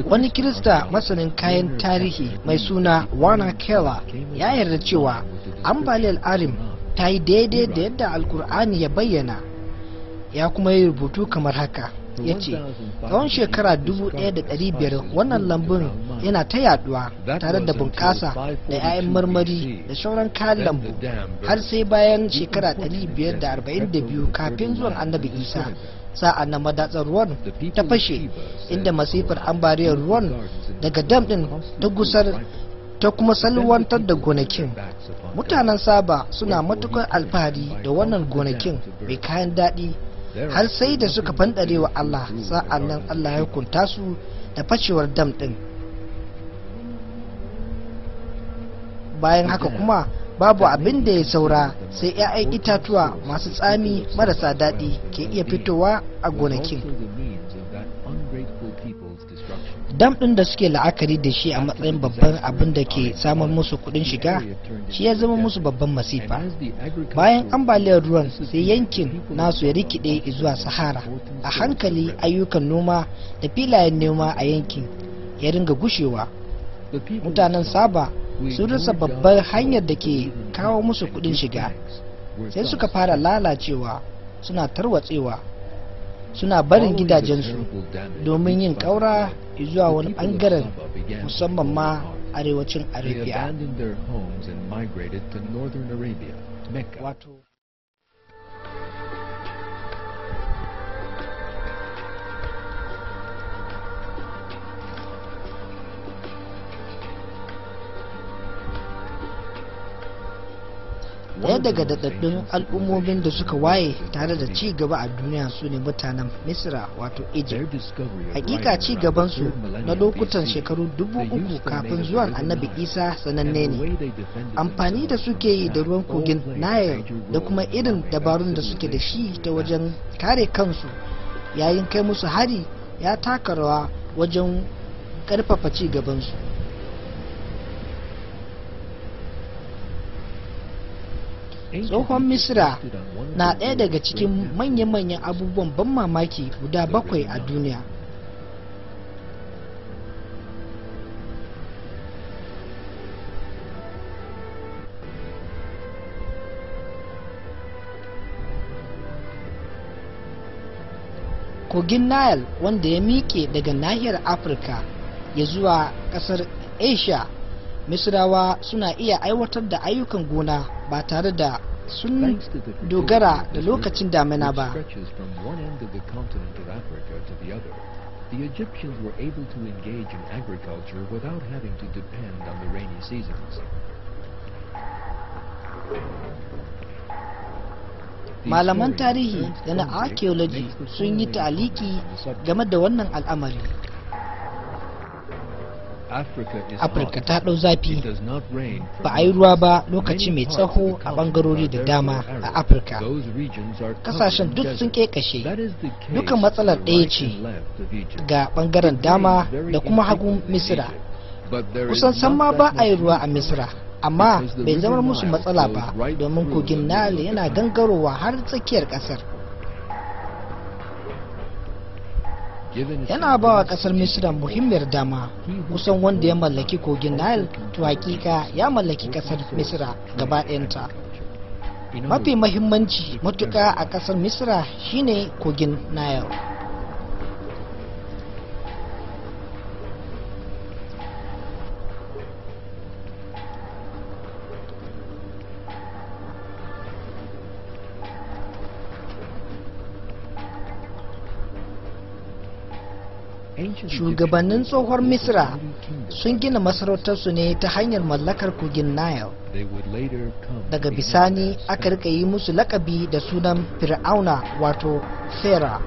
wani kirista masanin kayan tarihi mai suna wana kela ya yarda cewa ambaliyar arim ta yi daidai da yadda alkur'ani ya bayyana ya kuma yi rubutu kamar haka ya ce tsawon shekara 1500 wannan lambun yana ta yaduwa tare da bunkasa da 'ya'yan marmari da sauran kayan lambu har sai bayan shekara 542 kafin zuwan annabi isa sa'an na madatsar ruwan ta fashe inda masifar ambariyar ruwan daga dam din ta gusar ta kuma salwantar da gonakin mutanen saba suna matukar alfahari da wannan gonakin mai kayan daɗi har sai da suka fandare wa allah sa'an nan allah ya hukunta su da fashewar dam din bayan haka kuma babu abin da ya saura sai 'ya'yan itatuwa masu tsami marasa daɗi ke iya fitowa a gonakin dam ɗin da suke la'akari da shi a matsayin babban abin da ke samun musu kuɗin shiga shi ya zama musu babban masifa bayan ambaliyar ruwan sai yankin nasu ya rikide zuwa sahara a hankali ayyukan noma da filayen noma a yankin ya ringa gushewa mutanen saba sun rasa babbar hanyar da ke kawo musu kudin shiga sai suka fara lalacewa suna tarwatsewa suna barin gidajensu domin yin kaura zuwa wani bangaren musamman ma arewacin arabia daya daga daɗaɗɗun al'ummomin da suka waye tare da ci gaba a duniya su ne mutanen misra wato egypt hakika ci gabansu na lokutan shekaru dubu uku kafin zuwan annabi isa sananne ne amfani da suke yi da ruwan kogin nile da kuma irin dabarun da suke da shi ta wajen kare kansu yayin kai musu hari ya taka rawa wajen karfafa ci gabansu tsohon misra na ɗaya daga cikin manya-manyan abubuwan ban mamaki guda bakwai a duniya kogin nile wanda ya miƙe daga nahiyar afirka ya zuwa ƙasar asia misrawa suna iya aiwatar da ayyukan gona ba tare da sun dogara da lokacin damina ba The Egyptians were able to engage in agriculture without having to depend on the rainy seasons. Malaman tarihi da na archaeology sun yi taliki game da wannan al'amari. afirka ta ɗau zafi ba a yi ruwa ba lokaci mai tsaho a bangarori da dama a afirka kasashen duk sun kashe dukan matsalar ɗaya ce ga bangaren dama da kuma hagu misira kusan san ma ba a yi ruwa a misira amma bai zama musu matsala ba domin kogin nile yana gangarowa har tsakiyar ƙasar yana ba wa kasar misira muhimmiyar dama kusan wanda ya mallaki kogin nile to hakika ya mallaki kasar misira gaba ɗayanta mafi mahimmanci matuka a kasar misira shine kogin nile shugabannin tsohuwar misra sun gina masarautarsu ne ta hanyar mallakar kogin nile daga bisani aka rika yi musu lakabi da sunan fir'auna wato fera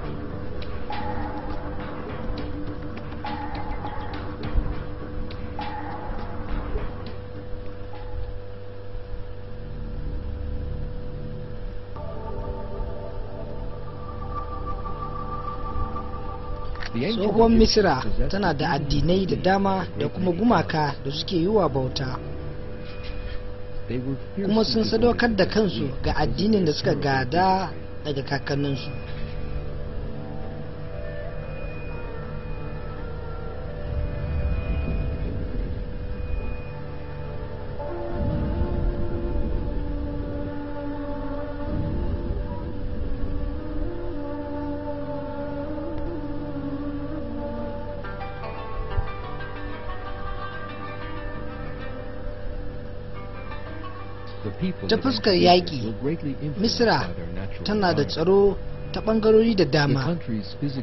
tsohon misira tana da addinai da dama da kuma gumaka da suke yi wa bauta kuma sun sadaukar da kansu ga addinin da suka gada daga kakanninsu ta fuskar yaƙi misra tana da tsaro ta ɓangarori da dama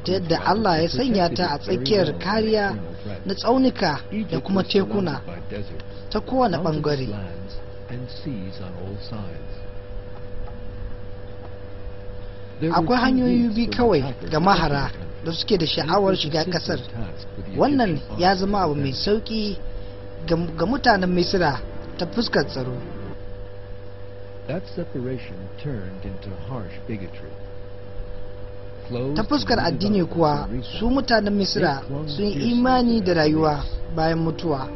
ta yadda allah ya sanya ta a tsakiyar kariya na tsaunuka da kuma tekuna ta kowane ɓangare akwai hanyoyi bi kawai ga mahara da suke da sha'awar shiga kasar wannan ya zama abu mai sauki ga mutanen misira ta fuskar tsaro That separation turned into harsh bigotry. ta fuskar addini kuwa su mutanen misira sun yi imani da rayuwa bayan mutuwa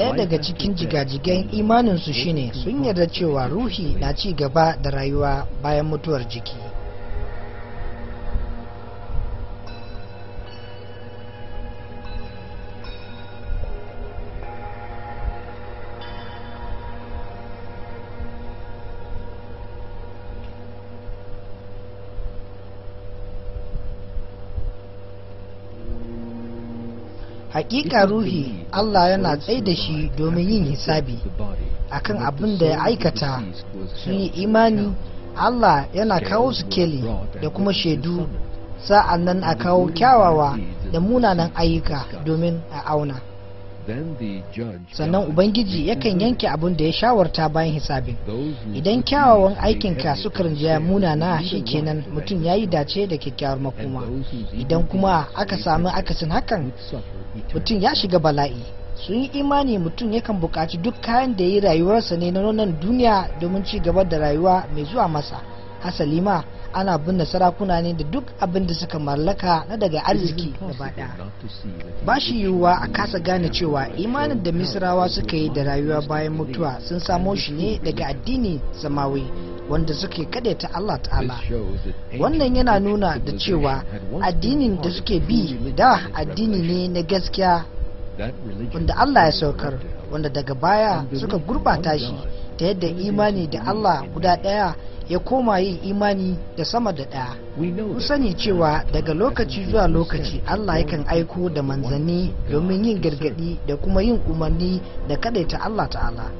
daya daga cikin jigajigen imaninsu shine sun yarda cewa ruhi na ci gaba da rayuwa bayan mutuwar jiki hakika ruhi Allah yana tsaye da shi domin yin hisabi akan abin da ya aikata sun yi imani Allah yana kawo su keli da kuma shaidu sa'an nan a kawo kyawawa da munanan ayyuka domin a auna sannan ubangiji yakan yanke abin da ya shawarta bayan hisabin idan kyawawan aikinka suka rinjaya munana kenan mutum ya yi dace da kyakkyawar makoma idan kuma aka sami akasin hakan mutum ya shiga bala'i sun yi imani mutum yakan bukaci duk kayan da ya yi rayuwarsa ne na nan duniya domin ci gaba da rayuwa mai zuwa masa hasali ma ana binne sarakuna ne da duk abin da suka mallaka na daga arziki gaba daya ba shi yiwuwa a kasa gane cewa imanin da misrawa suka yi da rayuwa bayan mutuwa sun samo shi ne daga addini samawi wanda suke ta Allah ta'ala wannan yana nuna da cewa addinin da suke bi da addini ne na gaskiya wanda Allah ya saukar wanda daga baya suka gurbata shi ta yadda imani da Allah guda ɗaya ya koma yin imani da sama da ɗaya mun sani cewa daga lokaci zuwa lokaci Allah yakan aiko da manzanni domin yin gargaɗi da kuma yin umarni da ta Allah ta'ala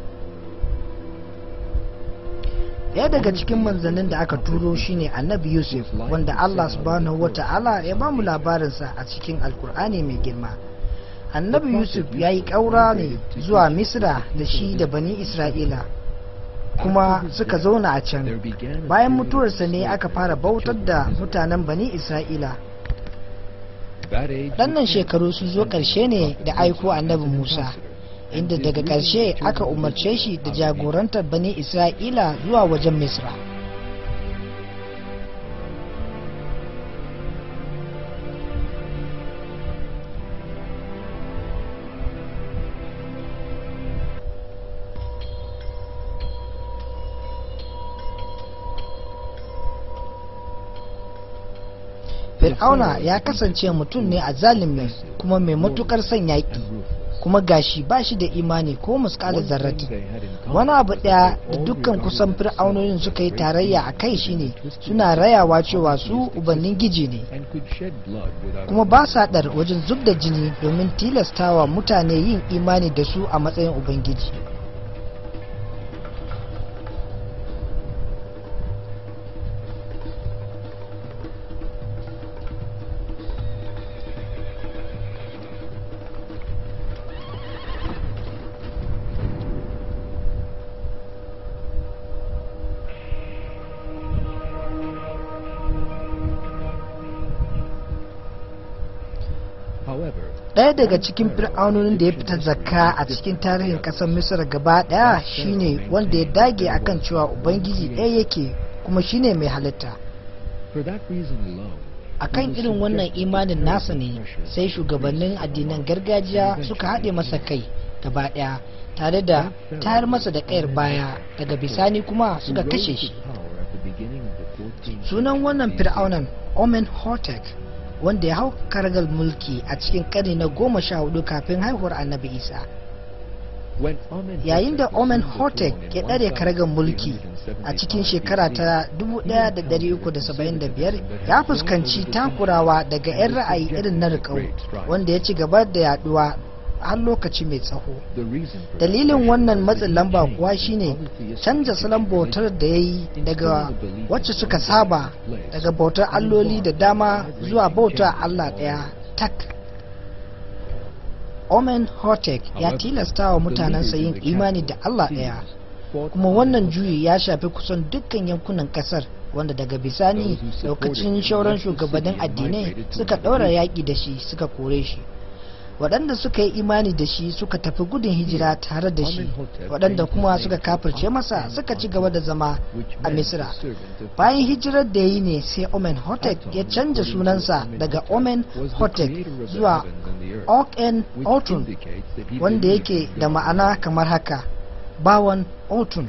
ɗaya daga cikin manzannin da aka turo shine annabi yusuf wanda allah subhanahu wa ta'ala ya ba mu labarinsa a cikin alkur'ani mai girma annabi yusuf ya yi ƙaura ne zuwa misra da shi da bani isra'ila kuma suka zauna a can bayan mutuwarsa ne aka fara bautar da mutanen bani isra'ila ɗannan shekaru sun zo ƙarshe ne da aiko annabi musa inda daga ƙarshe aka umarce shi da jagorantar bani isra'ila zuwa wajen misra fir'auna ya kasance mutum ne a zalimi kuma mai matukar son yaƙi kuma gashi ba shi da imani ko muskalar zarrati wani abu ɗaya da dukkan kusan fir'aunoyin suka yi tarayya a kai shine suna rayawa cewa su ubannin giji ne kuma ba sa ɗar wajen zub da jini domin tilastawa mutane yin imani da su a matsayin ubangiji daya daga cikin fir'aunonin da ya fita zakka a cikin tarihin ƙasar misira gaba daya shine wanda ya dage akan cewa ubangiji daya yake kuma shine mai halitta a kan irin wannan imanin nasa ne sai shugabannin addinan gargajiya suka haɗe masa kai gaba ɗaya tare da tayar masa da kayar baya daga bisani kuma suka kashe shi sunan wannan fir'aunan omen hotek wanda ya hau kargal mulki a cikin karni na goma sha hudu kafin haihuwar annabi isa yayin da omen hotek ya ɗare karagar mulki a cikin shekara ta 1375 ya fuskanci takurawa daga 'yan ra'ayi irin na rikau wanda ya ci gaba da yaduwa har lokaci mai tsaho dalilin wannan matsin lamba kuwa shine canza salon bautar da ya yi daga wacce suka saba daga bautar alloli da dama zuwa bautar allah ɗaya tak omen hotek ya tilasta wa mutanensa yin imani da allah ɗaya kuma wannan juyi ya shafi kusan dukkan yankunan kasar wanda daga bisani lokacin shauran shugabannin addinai suka ɗaura yaƙi da shi suka kore shi waɗanda suka yi imani da shi suka tafi gudun hijira tare da shi waɗanda kuma suka kafirce masa suka ci gaba da zama a misira bayan hijirar da yi ne sai omen hotek ya canja sunansa daga omen hotek zuwa oken otun wanda yake da ma'ana kamar haka bawan otun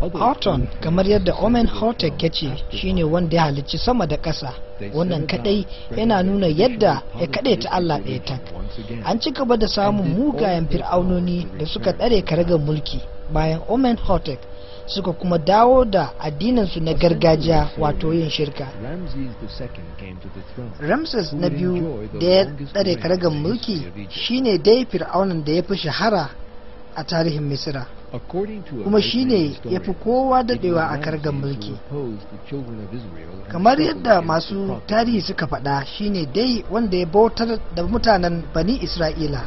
Horton kamar yadda Omen Hortek ya ce shine wanda ya halicci sama da ƙasa wannan kadai yana nuna yadda ya kaɗe ta Allah ɗaya tak an ci gaba da samun mugayen fir'aunoni da suka tsare karagar mulki bayan Omen Hortek suka kuma dawo da addininsu na gargajiya wato yin shirka. Ramses na biyu da ya tsare karagar mulki shine dai fir'aunin da ya fi shahara a tarihin Misira. kuma shi ne ya fi kowa daɗewa a kargan mulki kamar yadda masu tarihi suka faɗa shine dai wanda ya bautar da mutanen bani isra'ila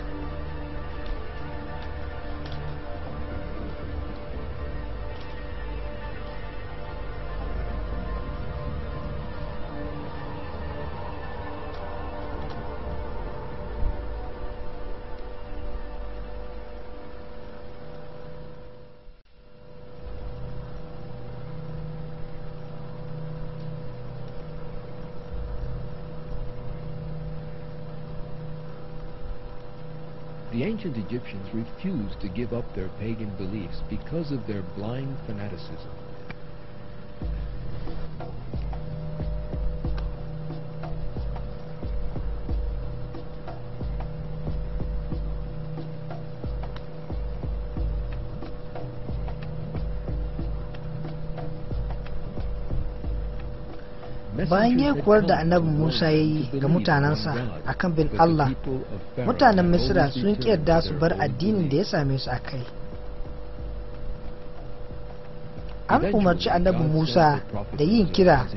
ancient Egyptians refused to give up their pagan beliefs because of their blind fanaticism. bayan ya da annabi musa ya yi ga mutanensa a kan bin allah mutanen misira sun yarda su bar addinin da ya same su a kai an umarci annabi musa da yin kira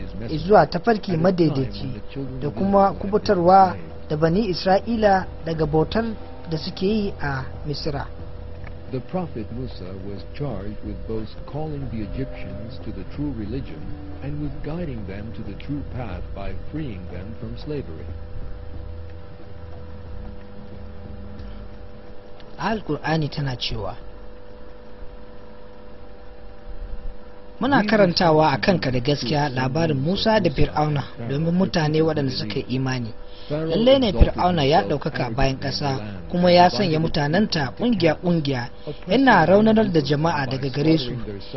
zuwa tafarki madaidaici da kuma kubutarwa da bani isra'ila daga bautar da suke yi a misira. The Prophet Musa was charged with both calling the Egyptians to the true religion and with guiding them to the true path by freeing them from slavery. Alƙur'ani tana cewa muna karantawa a kanka da gaskiya labarin musa da fir'auna domin mutane waɗanda suka imani lalle ne fir'auna ya ɗaukaka bayan ƙasa kuma ya sanya mutanenta ƙungiya-ƙungiya yana raunanar da jama'a daga gare su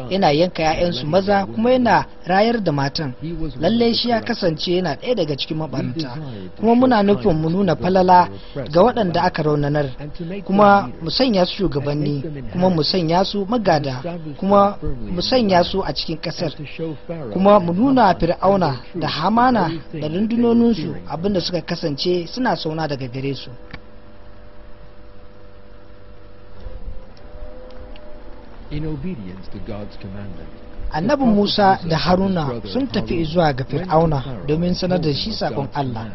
yana yanka 'ya'yansu maza kuma yana rayar da matan lalle shi ya kasance yana ɗaya daga cikin mabaranta kuma muna nufin mu nuna falala ga waɗanda aka raunanar kuma mu sanya su shugabanni kuma mu sanya su magada kuma mu sanya su a cikin ƙasar kuma mu nuna fir'auna da hamana da rundunoninsu abinda suka kasance suna sauna daga gare su annabin musa da haruna sun tafi zuwa ga fir'auna domin sanar da shi sakon allah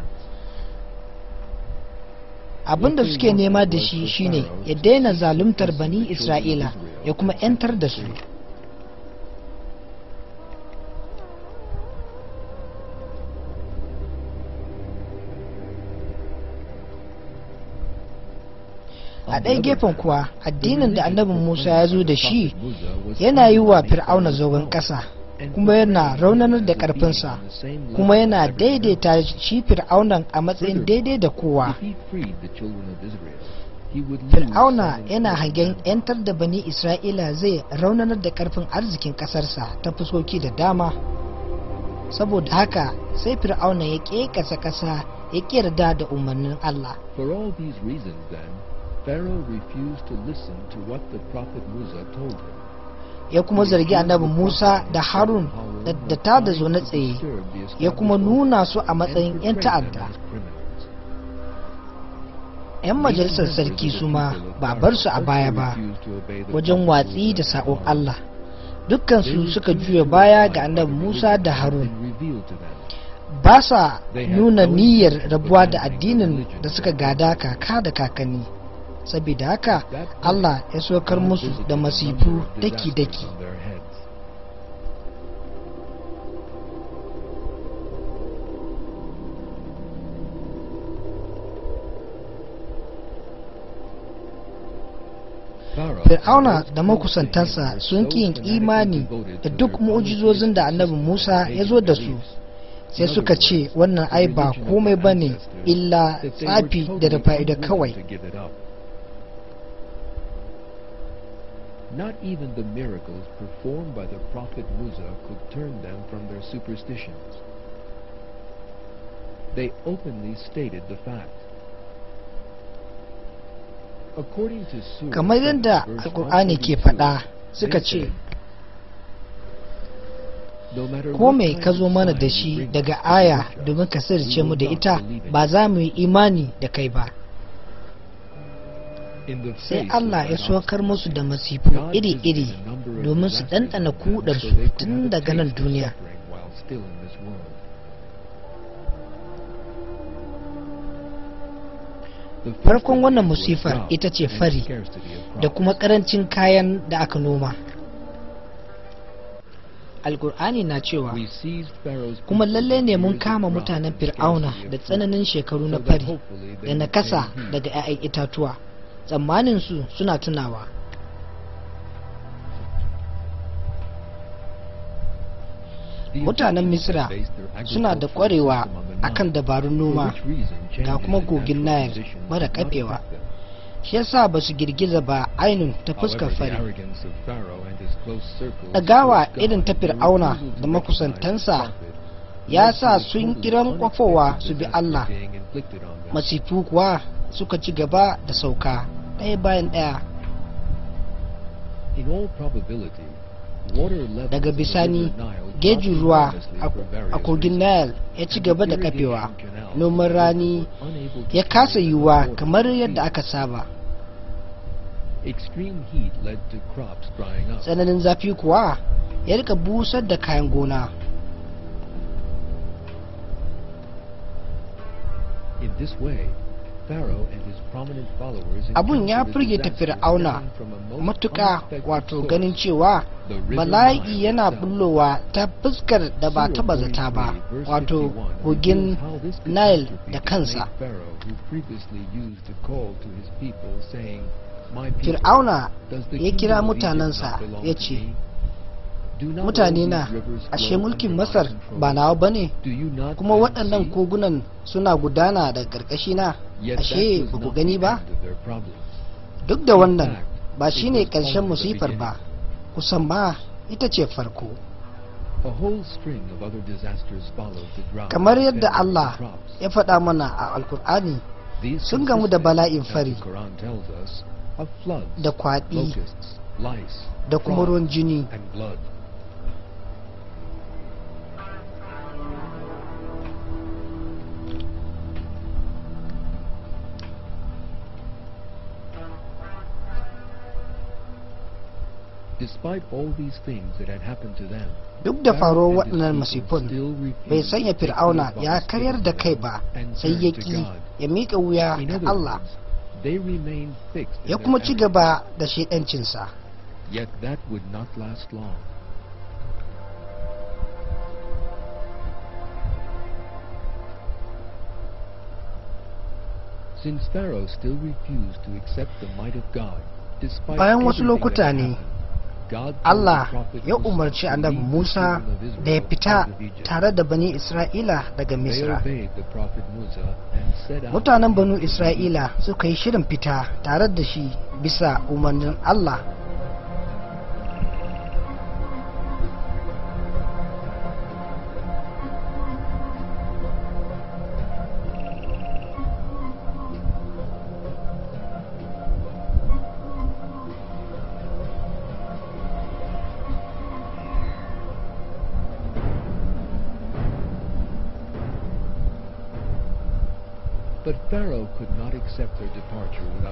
abinda suke nema da shi shine ya daina zaluntar bani isra'ila ya kuma 'yantar da su a ɗaya gefen kuwa addinin da annabin musa ya zo da shi yana yi wa fir'auna zogon ƙasa kuma yana raunanar da ƙarfinsa kuma yana daidaita shi fir'aunan a matsayin daidai da kowa fir'auna yana hangen 'yantar da bani isra'ila zai raunanar da ƙarfin arzikin ƙasarsa ta fuskoki da dama saboda haka sai fir'auna ya ƙeƙasa ƙasa ya ƙirda da umarnin allah Pharaoh refused to listen to what the prophet Musa told him. Ya kuma zargi annabi Musa da Harun da ta da zo na tsaye, ya kuma nuna su a matsayin 'yan ta'adda. 'Yan majalisar sarki su ma ba bar su a baya ba wajen watsi da saƙon Allah. su suka juya baya ga annabi Musa da Harun. Ba sa nuna niyyar rabuwa da addinin da suka gada kaka da kakanni. saboda haka Allah ya sokar musu da masifu daki-daki fir'auna da makusantarsa sun ƙi imani da duk mu'ujizozin da annabi musa ya zo da su sai suka ce wannan ai ba komai ba ne illa tsafi da da fa'ida kawai Not even the miracles performed by the prophet Musa could turn them from their superstitions. They openly stated the fact. Kamar yadda Surah ke faɗa suka ce, Ko mai ka zo mana da shi daga aya domin ka sirce mu da ita ba za mu yi imani da kai ba. sai Allah ya saukar musu da masifu iri-iri domin su ɗanɗana kuɗarsu tun daga nan duniya farkon wannan musifar ita ce fari da kuma ƙarancin kayan da aka noma alkur'ani na cewa kuma lalle ne mun kama mutanen fir'auna da tsananin shekaru na fari da na kasa daga 'ya'yan itatuwa Tsammanin su suna tunawa mutanen misra suna da kwarewa akan dabarun noma ga kuma kogin nayar mara kafewa shi yasa ba su girgiza ba ainun ta fuskar fari ɗagawa irin ta fir'auna da makusantansa ya sa sun kiran kwafowa su bi allah masifu kuwa suka ci gaba da sauka ɗaya bayan ɗaya daga bisani gejin ruwa a kogin nile ya ci gaba da kafewa noman rani ya kasa yiwuwa kamar yadda aka saba tsananin zafi kuwa ya rika busar da kayan gona In this abun ya firgita fir'auna matuka wato ganin cewa bala'i yana bullowa ta fuskar da ba taba zata ba wato kogin nile da kansa fir'auna ya kira mutanensa ya ce mutane na ashe mulkin masar ba nawa ba ne. kuma waɗannan kogunan suna gudana da ƙarƙashi na ashe ba ku gani ba duk da wannan ba shine ƙarshen musifar ba kusan ma ita ce farko kamar yadda Allah ya faɗa mana a alkur'ani sun gamu da bala'in fari da kwaɗi da kuma ruwan jini duk da faruwar waɗannan masifun bai sanya fir'auna ya karyar da kai ba sai ya ƙi ya miƙa wuya ga allah ya kuma ci gaba da shaidancinsa Since Pharaoh still refused to accept the might of God, bayan wasu lokuta ne Allah ya umarci annabi Musa da ya fita tare da bani Isra'ila daga Misra. Mutanen banu Isra'ila suka yi shirin fita tare da shi bisa umarnin Allah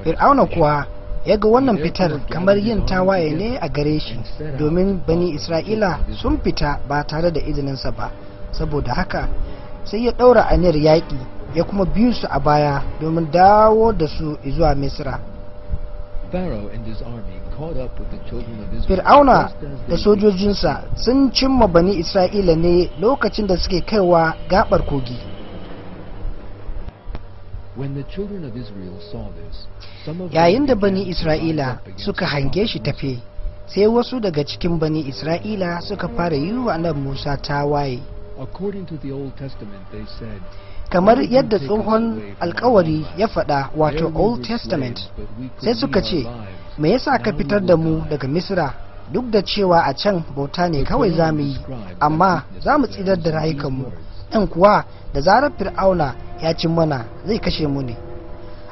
fir'auna kuwa ya ga wannan fitar kamar yin tawaye ne a gare shi domin bani isra'ila sun fita ba tare da izininsa ba saboda haka sai ya ɗaura aniyar yaƙi ya kuma biyu su a baya domin dawo da su zuwa misra fir'auna da sojojinsa sun cimma bani isra'ila ne lokacin da suke kaiwa gabar kogi yayin da bani isra'ila suka hange shi tafe sai wasu daga cikin bani isra'ila suka fara yi wa nan musa tawaye kamar yadda tsohon alkawari ya faɗa wato old testament sai suka ce me yasa ka fitar da mu daga misra duk da cewa a can bauta ne kawai za mu yi amma za mu tsidar da rayukanmu ɗin kuwa da zarar fir'auna ya ci mana zai kashe mu ne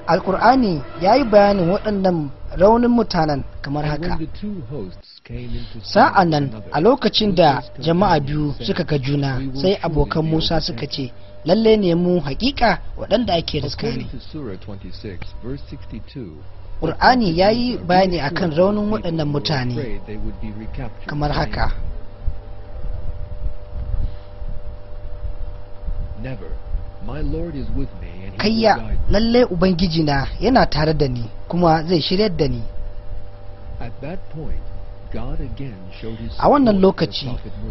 alkur'ani ya yi bayanin waɗannan raunin mutanen kamar haka sa'an nan a lokacin da jama'a biyu suka ga juna sai abokan musa suka ce lalle ne mu hakika waɗanda ake riska ne ƙur'ani ya yi bayani akan raunin waɗannan mutane kamar haka Kayya, lallai Ubangiji na yana tare da ni kuma zai shiryar da ni. A wannan lokaci,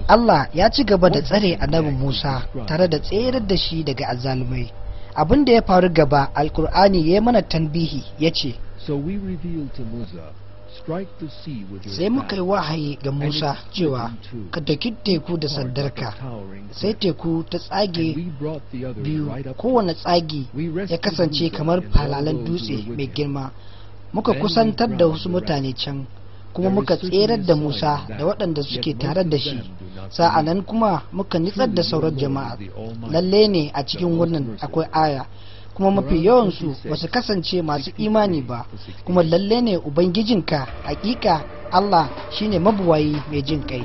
Allah ya ci gaba da tsare annabi Musa tare da tserar da shi daga azzalumai. Abin da ya faru gaba, Alkur'ani ya yi mana tanbihi ya ce, So we revealed to Musa sai muka yi wahayi ga musa cewa ka daki teku da sandarka sai teku ta tsage biyu kowane tsage ya kasance kamar falalan dutse mai girma muka kusantar da wasu mutane can kuma muka tserar da musa da waɗanda suke tare da shi sa'anan kuma muka nitsar da sauran jama'a lalle ne a cikin wannan akwai aya kuma mafi yawansu ba su kasance masu imani ba kuma lalle ne ubangijinka hakika Allah shine mabuwayi mai jin kai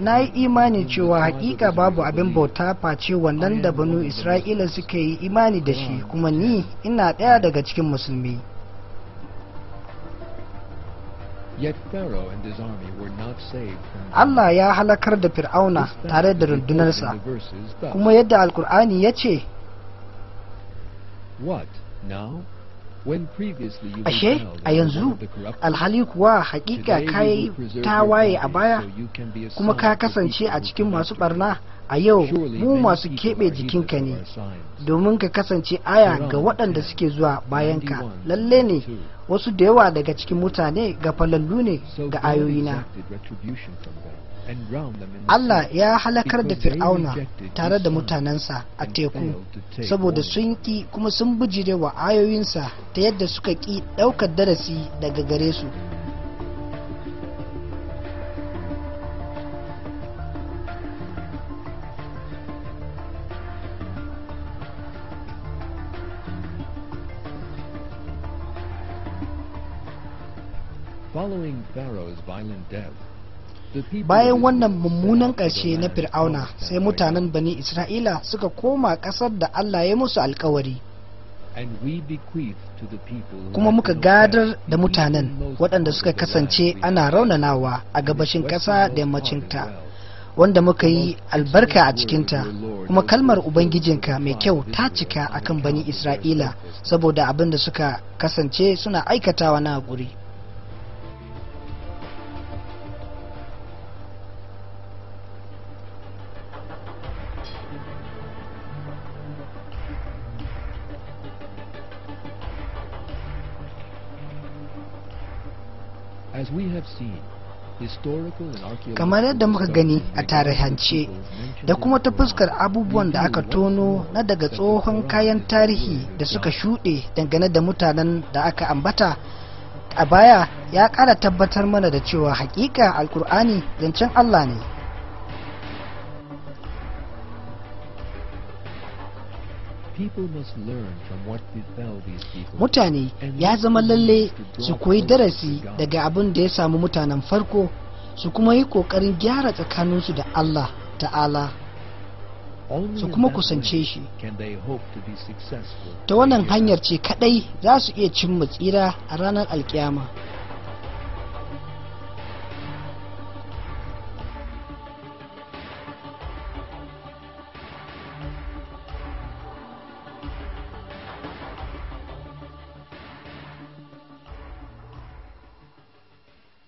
Na yi imani cewa hakika babu abin bauta face wannan da banu Isra'ila suka yi imani da shi kuma ni ina ɗaya daga cikin musulmi. Allah ya halakar da Fir'auna tare da rundunarsa, kuma yadda Alkur'ani ya ce, ashe a yanzu alhali kuwa hakika ka yi tawaye a baya kuma ka kasance a cikin masu barna a yau mu masu keɓe jikinka ne domin ka kasance aya ga waɗanda suke zuwa bayanka lalle ne wasu da yawa daga cikin mutane ga falallu ne ga ayoyina Allah ya halakar da fir'auna tare da mutanensa a teku saboda sun ƙi kuma sun bijire wa ayoyinsa ta yadda suka ƙi ɗaukar darasi daga gare su Bayan wannan mummunan ƙarshe na Fir'auna sai mutanen Bani Isra'ila suka koma ƙasar da Allah ya musu alkawari. Kuma muka gadar da mutanen waɗanda suka kasance ana raunanawa a gabashin ƙasa da yammacinta. wanda muka yi albarka a cikinta kuma kalmar ubangijinka mai kyau ta cika akan bani isra'ila saboda abin da suka kasance suna aikatawa na haƙuri. kamar yadda muka gani a tarihance da kuma ta fuskar abubuwan da aka tono na daga tsohon kayan tarihi da suka shuɗe dangane da mutanen da aka ambata a baya ya ƙara tabbatar mana da cewa hakika alkur'ani zancen allah ne mutane ya zama lalle su koyi darasi daga abin da ya samu mutanen farko su kuma yi kokarin gyara tsakaninsu da Allah ta'ala su kuma kusance shi ta wannan hanyar ce kadai za su iya cimma tsira a ranar alkiyama.